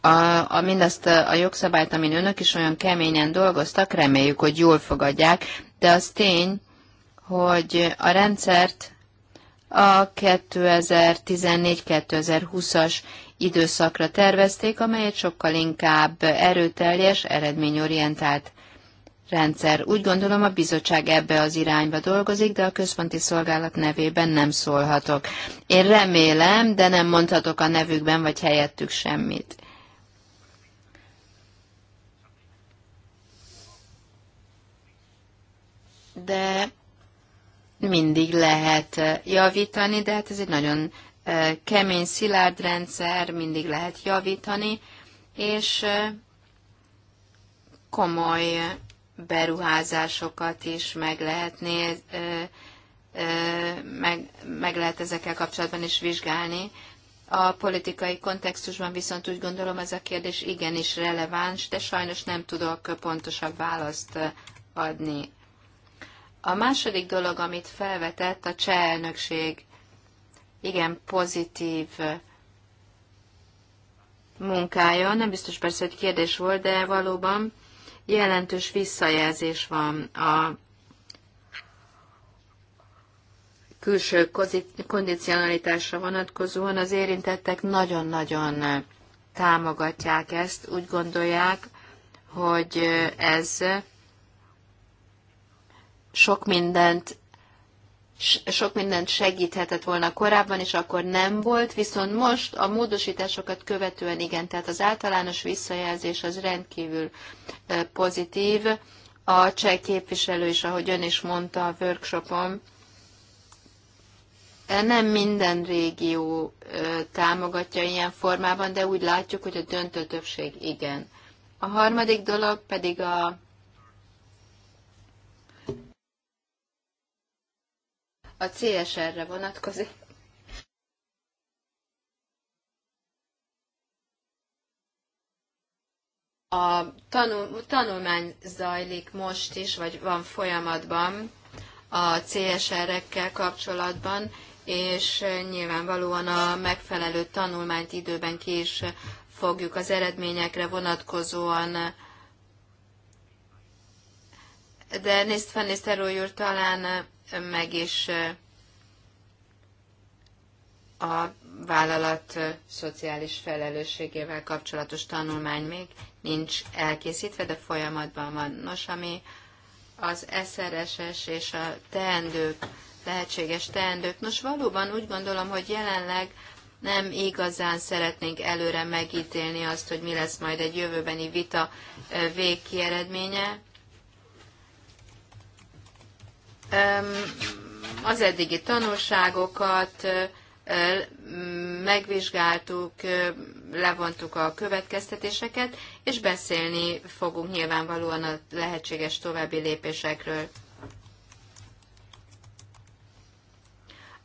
A: a, a mindazt a jogszabályt, amin önök is olyan keményen dolgoztak, reméljük, hogy jól fogadják, de az tény, hogy a rendszert a 2014-2020-as időszakra tervezték, amelyet sokkal inkább erőteljes, eredményorientált rendszer. Úgy gondolom, a bizottság ebbe az irányba dolgozik, de a központi szolgálat nevében nem szólhatok. Én remélem, de nem mondhatok a nevükben vagy helyettük semmit. de mindig lehet eh, javítani, de hát ez egy nagyon eh, kemény, szilárd rendszer, mindig lehet javítani, és eh, komoly beruházásokat is meg lehet néz, meg, meg lehet ezekkel kapcsolatban is vizsgálni. A politikai kontextusban viszont úgy gondolom ez a kérdés igenis releváns, de sajnos nem tudok pontosabb választ adni a második dolog, amit felvetett a cseh elnökség, igen pozitív munkája, nem biztos persze, hogy kérdés volt, de valóban jelentős visszajelzés van a külső kondicionalitásra vonatkozóan. Az érintettek nagyon-nagyon támogatják ezt, úgy gondolják, hogy ez sok mindent sok mindent segíthetett volna korábban, és akkor nem volt, viszont most a módosításokat követően igen, tehát az általános visszajelzés az rendkívül pozitív. A cseh képviselő is, ahogy ön is mondta a workshopon, nem minden régió támogatja ilyen formában, de úgy látjuk, hogy a döntő többség igen. A harmadik dolog pedig a a CSR-re vonatkozik. A tanul, tanulmány zajlik most is, vagy van folyamatban a CSR-ekkel kapcsolatban, és nyilvánvalóan a megfelelő tanulmányt időben ki is fogjuk az eredményekre vonatkozóan.
B: De Niszt Feniszter úr
A: talán meg is a vállalat szociális felelősségével kapcsolatos tanulmány még nincs elkészítve, de folyamatban van. Nos, ami az SRSS és a teendők, lehetséges teendők. Nos, valóban úgy gondolom, hogy jelenleg nem igazán szeretnénk előre megítélni azt, hogy mi lesz majd egy jövőbeni vita végkieredménye, az eddigi tanulságokat megvizsgáltuk, levontuk a következtetéseket, és beszélni fogunk nyilvánvalóan a lehetséges további lépésekről.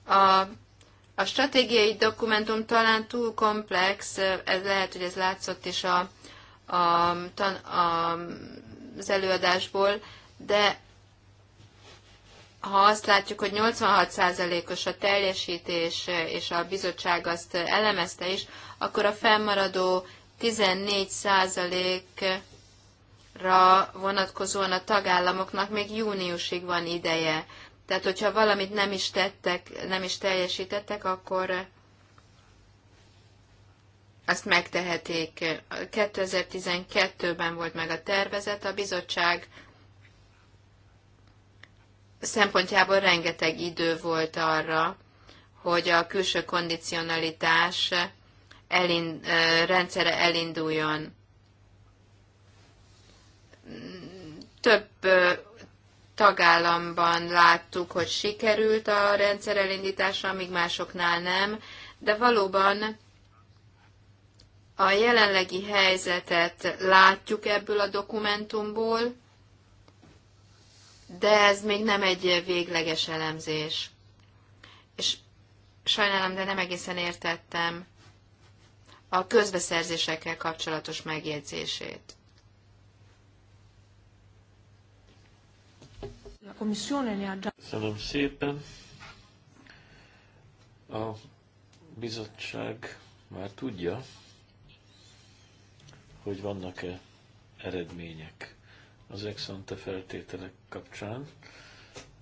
A: A, a stratégiai dokumentum talán túl komplex, ez lehet, hogy ez látszott is a, a, tan, a, az előadásból, de ha azt látjuk, hogy 86%-os a teljesítés, eh, és a bizottság azt eh, elemezte is, akkor a fennmaradó 14%-ra vonatkozóan a tagállamoknak még júniusig van ideje. Tehát, hogyha valamit nem is tettek, nem is teljesítettek, akkor eh, azt megtehetik. 2012-ben volt meg a tervezet, a bizottság szempontjából rengeteg idő volt arra, hogy a külső kondicionalitás elind, rendszere elinduljon. Több tagállamban láttuk, hogy sikerült a rendszer elindítása, míg másoknál nem, de valóban a jelenlegi helyzetet látjuk ebből a dokumentumból, de ez még nem egy végleges elemzés. És sajnálom, de nem egészen értettem a közbeszerzésekkel kapcsolatos megjegyzését.
B: Köszönöm szépen. A bizottság már tudja, hogy vannak-e eredmények az exante feltételek kapcsán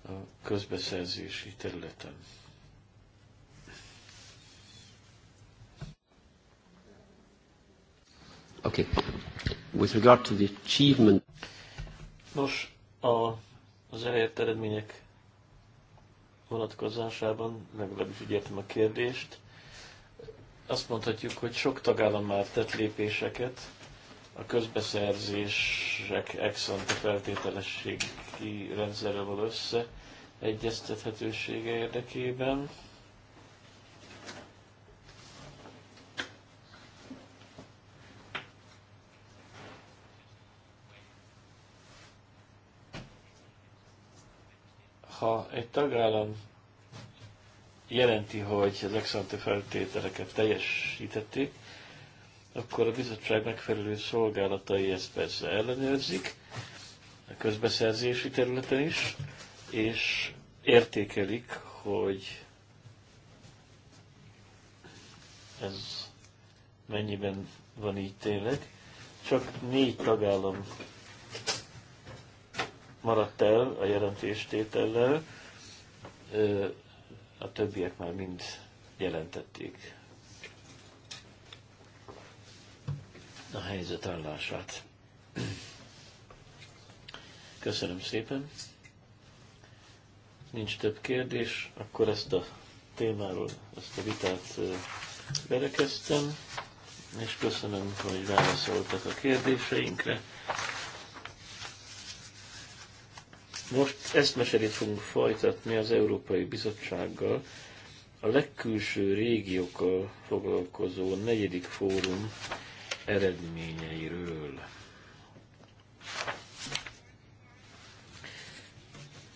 B: a közbeszerzési területen. Okay. With regard to the achievement... Nos, a, az elért eredmények vonatkozásában, legalábbis így értem a kérdést, azt mondhatjuk, hogy sok tagállam már tett lépéseket, a közbeszerzések ante feltételességi rendszerre való összeegyeztethetősége érdekében. Ha egy tagállam jelenti, hogy az ante feltételeket teljesítették, akkor a bizottság megfelelő szolgálatai ezt persze ellenőrzik, a közbeszerzési területen is, és értékelik, hogy ez mennyiben van így tényleg. Csak négy tagállam maradt el a jelentéstétellel, a többiek már mind jelentették a helyzet állását. Köszönöm szépen. Nincs több kérdés, akkor ezt a témáról, ezt a vitát berekeztem, és köszönöm, hogy válaszoltak a kérdéseinkre. Most mesélét fogunk folytatni az Európai Bizottsággal, a legkülső régiókkal foglalkozó negyedik fórum eredményeiről.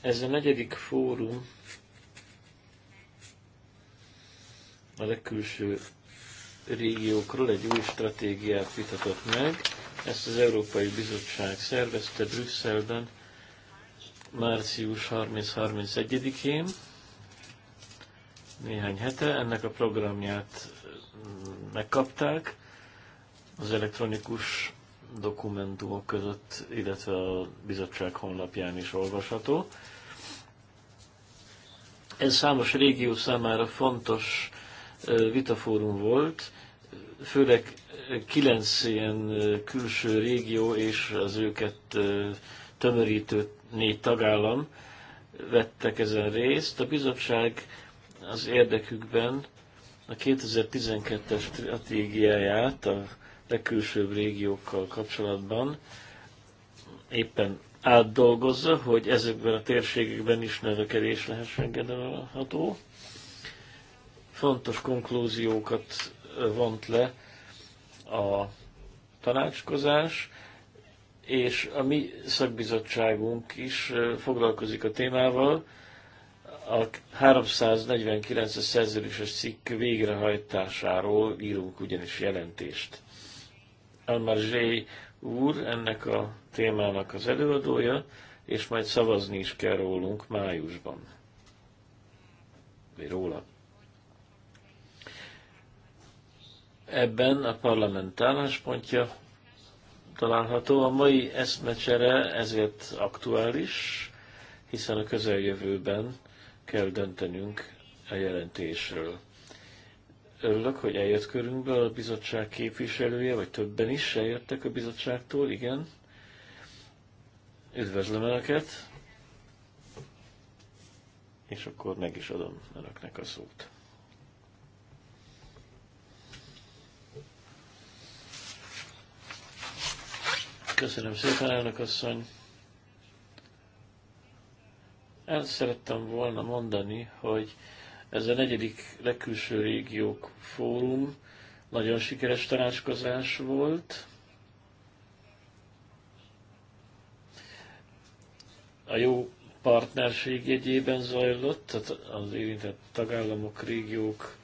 B: Ez a negyedik fórum a legkülső régiókról egy új stratégiát vitatott meg. Ezt az Európai Bizottság szervezte Brüsszelben március 30-31-én, néhány hete. Ennek a programját mm, megkapták az elektronikus dokumentumok között, illetve a bizottság honlapján is olvasható. Ez számos régió számára fontos vitafórum volt, főleg kilenc ilyen külső régió és az őket tömörítő négy tagállam vettek ezen részt. A bizottság az érdekükben a 2012-es stratégiáját, a legkülsőbb régiókkal kapcsolatban éppen átdolgozza, hogy ezekben a térségekben is növekedés lehessen generálható. Fontos konklúziókat vont le a tanácskozás, és a mi szakbizottságunk is foglalkozik a témával. A 349-es szerződéses cikk végrehajtásáról írunk ugyanis jelentést. Almarzsé úr ennek a témának az előadója, és majd szavazni is kell rólunk májusban. Vagy róla. Ebben a parlament álláspontja található. A mai eszmecsere ezért aktuális, hiszen a közeljövőben kell döntenünk a jelentésről. Örülök, hogy eljött körünkből a bizottság képviselője, vagy többen is eljöttek a bizottságtól, igen. Üdvözlöm Önöket, és akkor meg is adom Önöknek a szót. Köszönöm szépen, elnök asszony. El szerettem volna mondani, hogy ez a negyedik legkülső régiók fórum nagyon sikeres tanácskozás volt. A jó partnerség jegyében zajlott, tehát az érintett tagállamok, régiók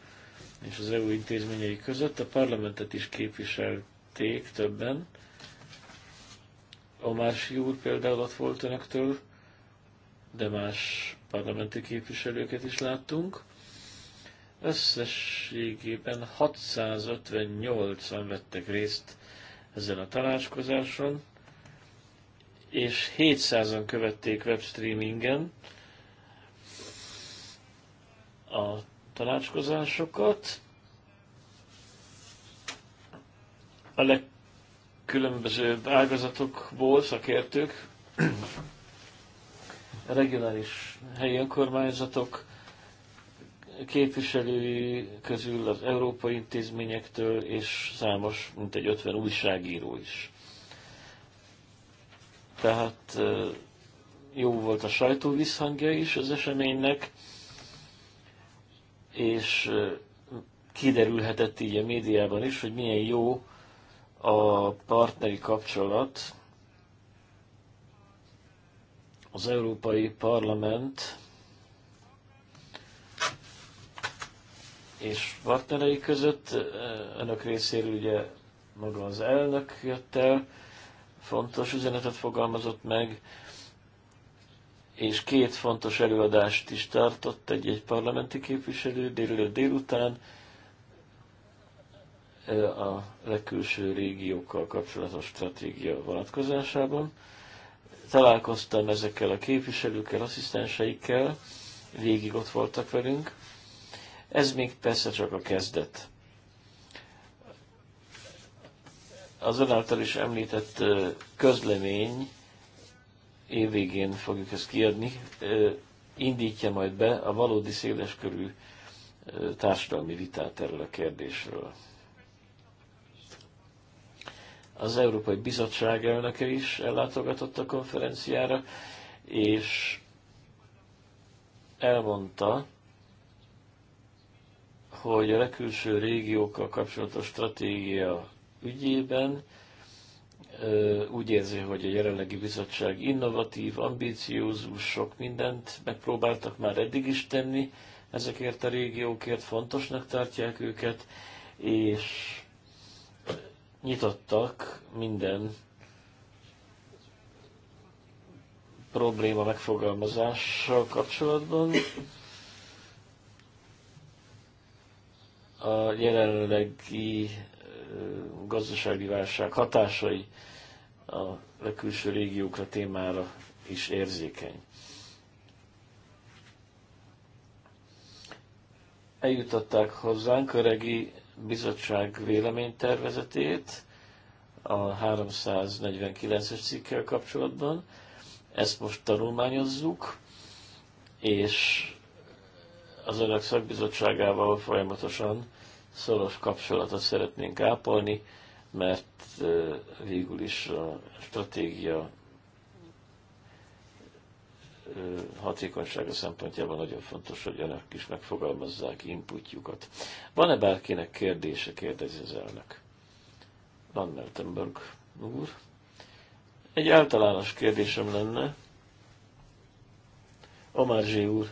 B: és az EU intézményei között. A parlamentet is képviselték többen. Omási úr például ott volt önöktől, de más parlamenti képviselőket is láttunk. Összességében 658-an vettek részt ezen a találkozáson, és 700-an követték webstreamingen a találkozásokat. A legkülönbözőbb ágazatokból szakértők, a regionális helyi önkormányzatok, képviselői közül az európai intézményektől, és számos, mint egy 50 újságíró is. Tehát jó volt a sajtó visszhangja is az eseménynek, és kiderülhetett így a médiában is, hogy milyen jó a partneri kapcsolat az Európai Parlament és partnerei között. Önök részéről ugye maga az elnök jött el, fontos üzenetet fogalmazott meg, és két fontos előadást is tartott egy-egy parlamenti képviselő délelőtt délután a legkülső régiókkal kapcsolatos stratégia vonatkozásában. Találkoztam ezekkel a képviselőkkel, asszisztenseikkel, végig ott voltak velünk, ez még persze csak a kezdet. Az ön által is említett közlemény, évvégén fogjuk ezt kiadni, indítja majd be a valódi széleskörű társadalmi vitát erről a kérdésről. Az Európai Bizottság elnöke is ellátogatott a konferenciára, és elmondta, hogy a legkülső régiókkal kapcsolatos stratégia ügyében úgy érzi, hogy a jelenlegi bizottság innovatív, ambíciózus, sok mindent megpróbáltak már eddig is tenni, ezekért a régiókért fontosnak tartják őket, és nyitottak minden probléma megfogalmazással kapcsolatban. a jelenlegi gazdasági válság hatásai a legkülső régiókra témára is érzékeny. Eljutották hozzánk a regi bizottság véleménytervezetét a 349-es cikkel kapcsolatban. Ezt most tanulmányozzuk, és az önök szakbizottságával folyamatosan szoros kapcsolatot szeretnénk ápolni, mert végül is a stratégia hatékonysága szempontjában nagyon fontos, hogy önök is megfogalmazzák inputjukat. Van-e bárkinek kérdése, kérdezi az elnök? Van Meltenberg úr. Egy általános kérdésem lenne, Omar Zsé úr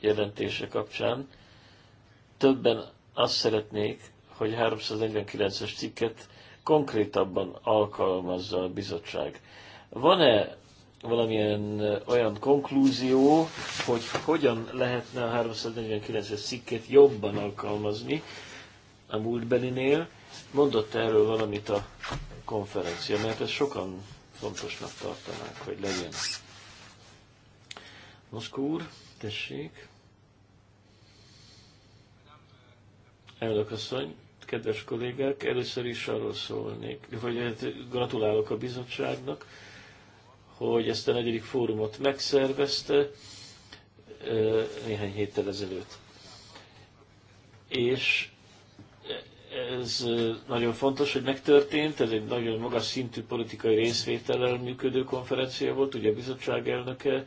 B: jelentése kapcsán. Többen azt szeretnék, hogy 349-es cikket konkrétabban alkalmazza a bizottság. Van-e valamilyen olyan konklúzió, hogy hogyan lehetne a 349-es cikket jobban alkalmazni a múltbelinél? Mondott erről valamit a konferencia, mert ezt sokan fontosnak tartanák, hogy legyen. Moszkó úr, tessék. elnök asszony, kedves kollégák, először is arról szólnék, hogy eh, gratulálok a bizottságnak, hogy ezt a negyedik fórumot megszervezte eh, néhány héttel ezelőtt. És ez eh, nagyon fontos, hogy megtörtént, ez egy nagyon magas szintű politikai részvétellel működő konferencia volt, ugye a bizottság elnöke,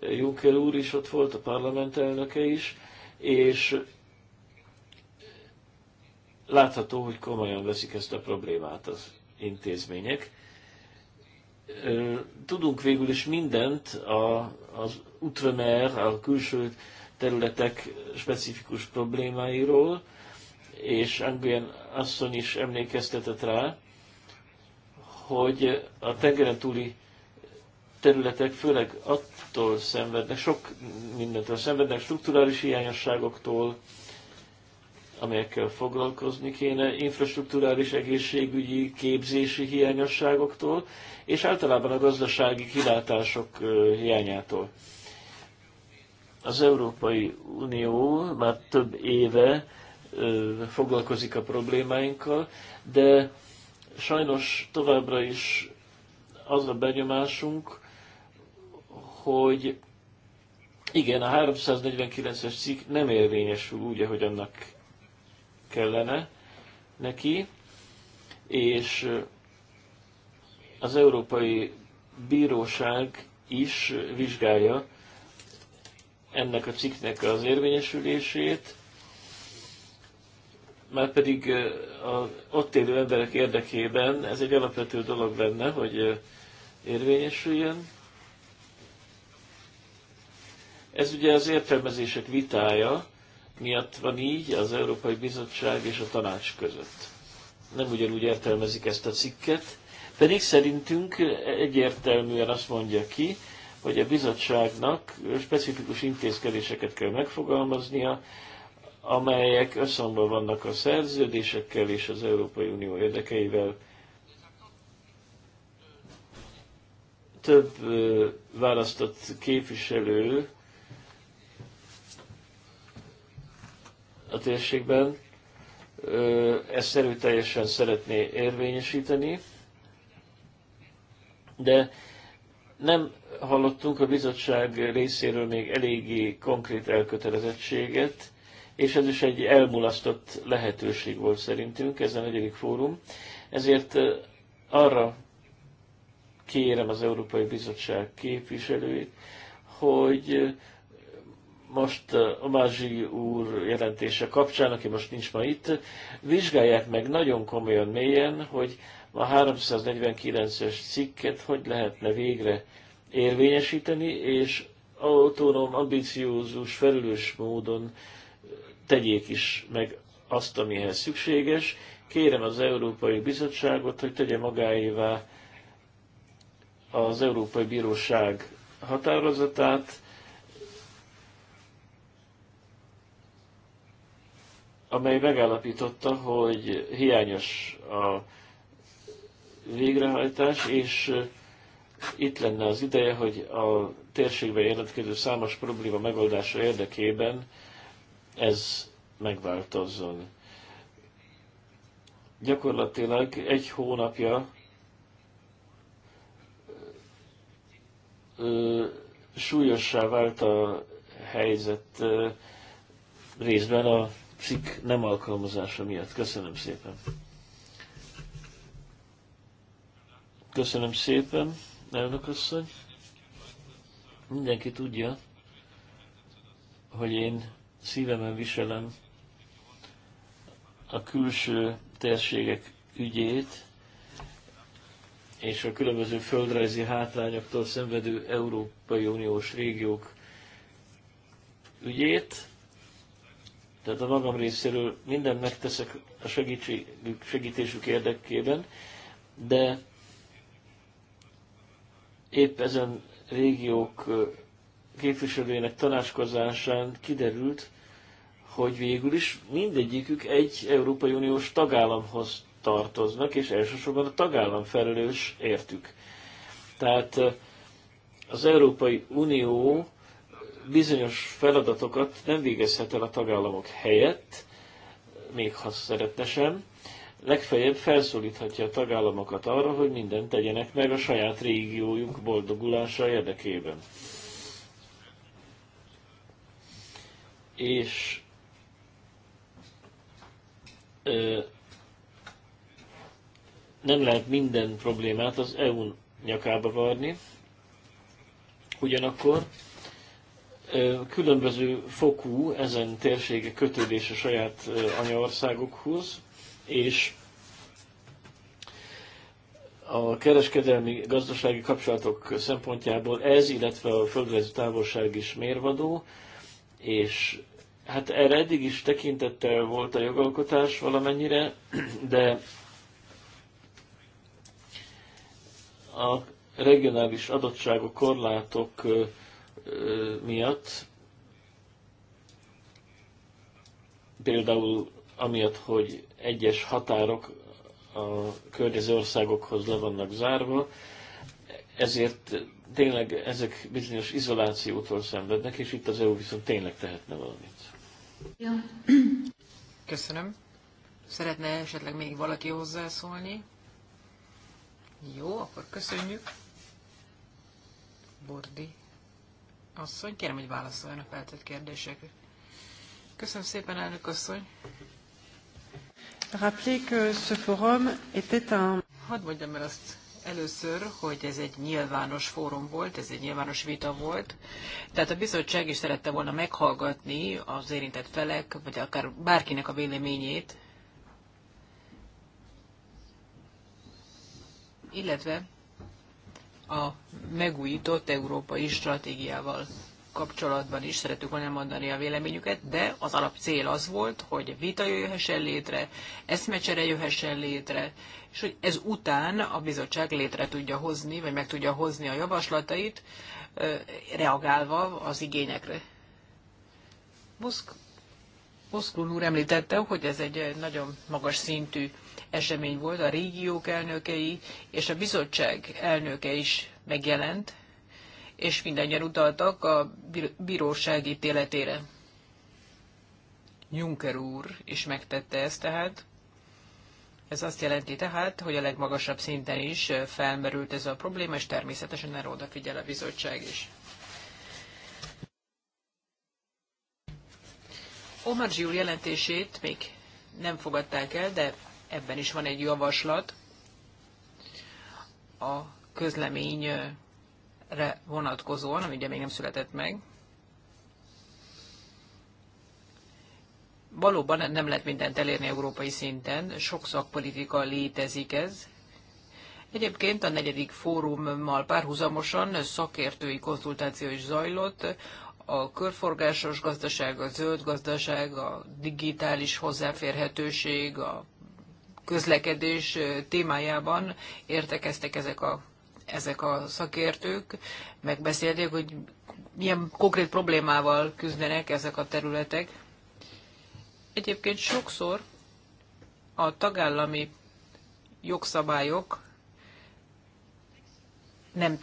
B: Juncker úr is ott volt, a parlament elnöke is, és Látható, hogy komolyan veszik ezt a problémát az intézmények. Tudunk végül is mindent a, az útvömer, a külső területek specifikus problémáiról, és Angolyan asszony is emlékeztetett rá, hogy a tengeren túli területek főleg attól szenvednek, sok mindentől szenvednek, strukturális hiányosságoktól, amelyekkel foglalkozni kéne, infrastruktúrális egészségügyi képzési hiányosságoktól, és általában a gazdasági kilátások hiányától. Az Európai Unió már több éve foglalkozik a problémáinkkal, de sajnos továbbra is az a benyomásunk, hogy igen, a 349-es cikk nem érvényesül úgy, ahogy annak kellene neki, és az Európai Bíróság is vizsgálja ennek a cikknek az érvényesülését, már pedig az ott élő emberek érdekében ez egy alapvető dolog lenne, hogy érvényesüljön. Ez ugye az értelmezések vitája, miatt van így az Európai Bizottság és a Tanács között. Nem ugyanúgy értelmezik ezt a cikket, pedig szerintünk egyértelműen azt mondja ki, hogy a bizottságnak specifikus intézkedéseket kell megfogalmaznia, amelyek összhangban vannak a szerződésekkel és az Európai Unió érdekeivel. Több választott képviselő a térségben, ezt erőteljesen szeretné érvényesíteni, de nem hallottunk a bizottság részéről még eléggé konkrét elkötelezettséget, és ez is egy elmulasztott lehetőség volt szerintünk, ez a negyedik fórum. Ezért arra kérem az Európai Bizottság képviselőit, hogy most a Mázsi úr jelentése kapcsán, aki most nincs ma itt, vizsgálják meg nagyon komolyan mélyen, hogy a 349-es cikket hogy lehetne végre érvényesíteni, és autonóm, ambiciózus, felülős módon tegyék is meg azt, amihez szükséges. Kérem az Európai Bizottságot, hogy tegye magáévá az Európai Bíróság határozatát, amely megállapította, hogy hiányos a végrehajtás, és itt lenne az ideje, hogy a térségben jelentkező számos probléma megoldása érdekében ez megváltozzon. Gyakorlatilag egy hónapja súlyossá vált a helyzet részben a cikk nem alkalmazása miatt. Köszönöm szépen. Köszönöm szépen, elnök asszony. Mindenki tudja, hogy én szívemen viselem a külső térségek ügyét, és a különböző földrajzi hátrányoktól szenvedő Európai Uniós régiók ügyét. Tehát a magam részéről mindent megteszek a segítségük, segítésük érdekében, de épp ezen régiók képviselőjének tanácskozásán kiderült, hogy végül is mindegyikük egy Európai Uniós tagállamhoz tartoznak, és elsősorban a tagállam felelős értük. Tehát az Európai Unió bizonyos feladatokat nem végezhet el a tagállamok helyett, még ha szeretne sem, legfeljebb felszólíthatja a tagállamokat arra, hogy mindent tegyenek meg a saját régiójuk boldogulása érdekében. És ö, nem lehet minden problémát az EU-n nyakába varni, ugyanakkor különböző fokú ezen térsége a saját anyaországokhoz, és a kereskedelmi gazdasági kapcsolatok szempontjából ez, illetve a földrajzi távolság is mérvadó, és hát erre eddig is tekintettel volt a jogalkotás valamennyire, [CLEARS THROAT] de a regionális adottságok, korlátok miatt, például amiatt, hogy egyes határok a környező országokhoz le vannak zárva, ezért tényleg ezek bizonyos izolációtól szenvednek, és itt az EU viszont tényleg tehetne valamit.
A: Ja.
C: Köszönöm. Szeretne esetleg még valaki hozzászólni? Jó, akkor köszönjük. Bordi asszony. Kérem, hogy válaszoljon a feltett kérdésekre. Köszönöm szépen, elnök asszony. Rappelez que ce forum était un... Hadd mondjam el azt először, hogy ez egy nyilvános fórum volt, ez egy nyilvános vita volt. Tehát a bizottság is szerette volna meghallgatni az érintett felek, vagy akár bárkinek a véleményét, illetve a megújított európai stratégiával kapcsolatban is szeretük volna mondani a véleményüket, de az alapcél az volt, hogy vita jöhessen létre, eszmecsere jöhessen létre, és hogy ez után a bizottság létre tudja hozni, vagy meg tudja hozni a javaslatait, reagálva az igényekre. Moszk Moszkvon úr említette, hogy ez egy nagyon magas szintű esemény volt, a régiók elnökei és a bizottság elnöke is megjelent, és mindannyian utaltak a bíróság ítéletére. Juncker úr is megtette ezt tehát. Ez azt jelenti tehát, hogy a legmagasabb szinten is felmerült ez a probléma, és természetesen erre odafigyel a bizottság is. Omar úr jelentését még nem fogadták el, de ebben is van egy javaslat a közleményre vonatkozóan, ami ugye még nem született meg. Valóban nem lehet mindent elérni európai szinten, sok szakpolitika létezik ez, Egyébként a negyedik fórummal párhuzamosan szakértői konzultáció is zajlott, a körforgásos gazdaság, a zöld gazdaság, a digitális hozzáférhetőség, a közlekedés témájában értekeztek ezek a, ezek a szakértők, megbeszélték, hogy milyen konkrét problémával küzdenek ezek a területek. Egyébként sokszor a tagállami jogszabályok nem,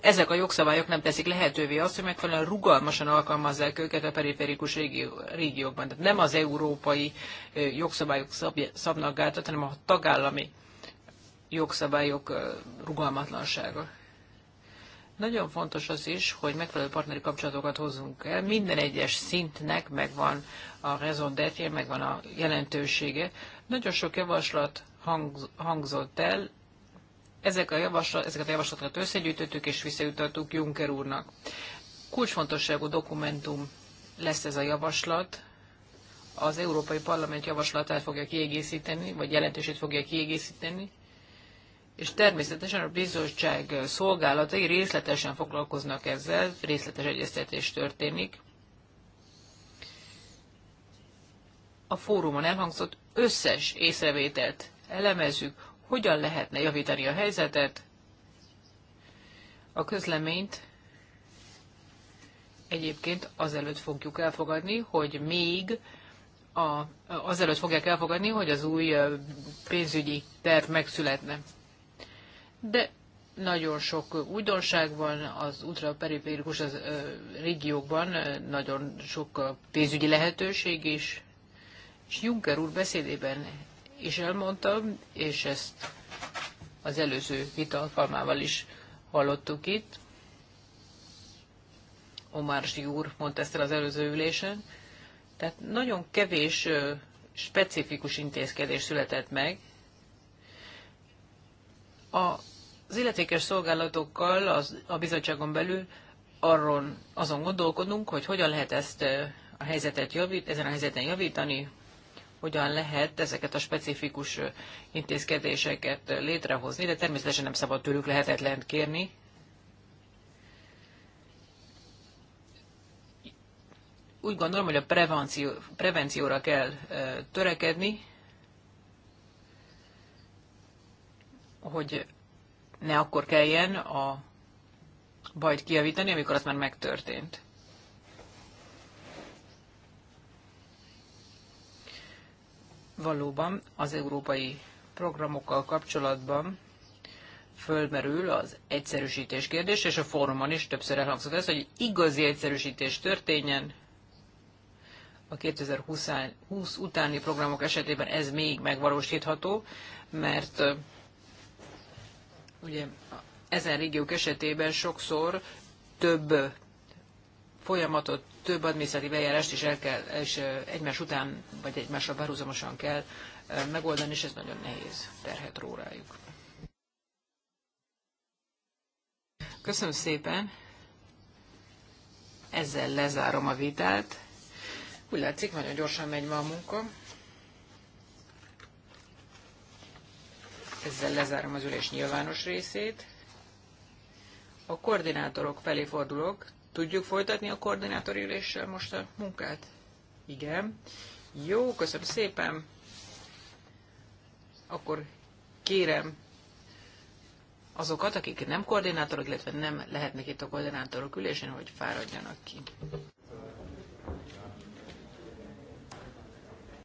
C: ezek a jogszabályok nem teszik lehetővé azt, hogy megfelelően rugalmasan alkalmazzák őket a periférikus régió, régiókban. Tehát nem az európai jogszabályok szab, szabnak gátat, hanem a tagállami jogszabályok rugalmatlansága. Nagyon fontos az is, hogy megfelelő partneri kapcsolatokat hozzunk el. Minden egyes szintnek megvan a raison meg megvan a jelentősége. Nagyon sok javaslat hangzott el, ezek a javaslat, ezeket a javaslatokat összegyűjtöttük és visszajutattuk Juncker úrnak. Kulcsfontosságú dokumentum lesz ez a javaslat, az Európai Parlament javaslatát fogja kiegészíteni, vagy jelentését fogja kiegészíteni, és természetesen a bizottság szolgálatai részletesen foglalkoznak ezzel, részletes egyeztetés történik. A fórumon elhangzott összes észrevételt elemezzük, hogyan lehetne javítani a helyzetet? A közleményt egyébként azelőtt fogjuk elfogadni, hogy még a, azelőtt fogják elfogadni, hogy az új pénzügyi terv megszületne. De nagyon sok újdonság van, az ultraperiférikus az, ö, régiókban nagyon sok pénzügyi lehetőség is, és Juncker úr beszédében is elmondtam, és ezt az előző vita alkalmával is hallottuk itt. Omar úr mondta ezt el az előző ülésen. Tehát nagyon kevés specifikus intézkedés született meg. A, az illetékes szolgálatokkal az, a bizottságon belül arról azon gondolkodunk, hogy hogyan lehet ezt a helyzetet javít, ezen a helyzeten javítani, hogyan lehet ezeket a specifikus intézkedéseket létrehozni, de természetesen nem szabad tőlük lehetetlen kérni. Úgy gondolom, hogy a prevenció, prevencióra kell törekedni, hogy ne akkor kelljen a bajt kiavítani, amikor az már megtörtént. valóban az európai programokkal kapcsolatban fölmerül az egyszerűsítés kérdés, és a fórumon is többször elhangzott ez, hogy igazi egyszerűsítés történjen, a 2020 utáni programok esetében ez még megvalósítható, mert ugye ezen régiók esetében sokszor több folyamatot, több adminisztratív eljárást is, el kell, és egymás után, vagy egymással párhuzamosan kell megoldani, és ez nagyon nehéz terhet rórájuk. Köszönöm szépen! Ezzel lezárom a vitát. Úgy látszik, nagyon gyorsan megy ma a munka. Ezzel lezárom az ülés nyilvános részét. A koordinátorok felé fordulok, Tudjuk folytatni a koordinátori üléssel most a munkát? Igen. Jó, köszönöm szépen. Akkor kérem azokat, akik nem koordinátorok, illetve nem lehetnek itt a koordinátorok ülésén, hogy
B: fáradjanak ki.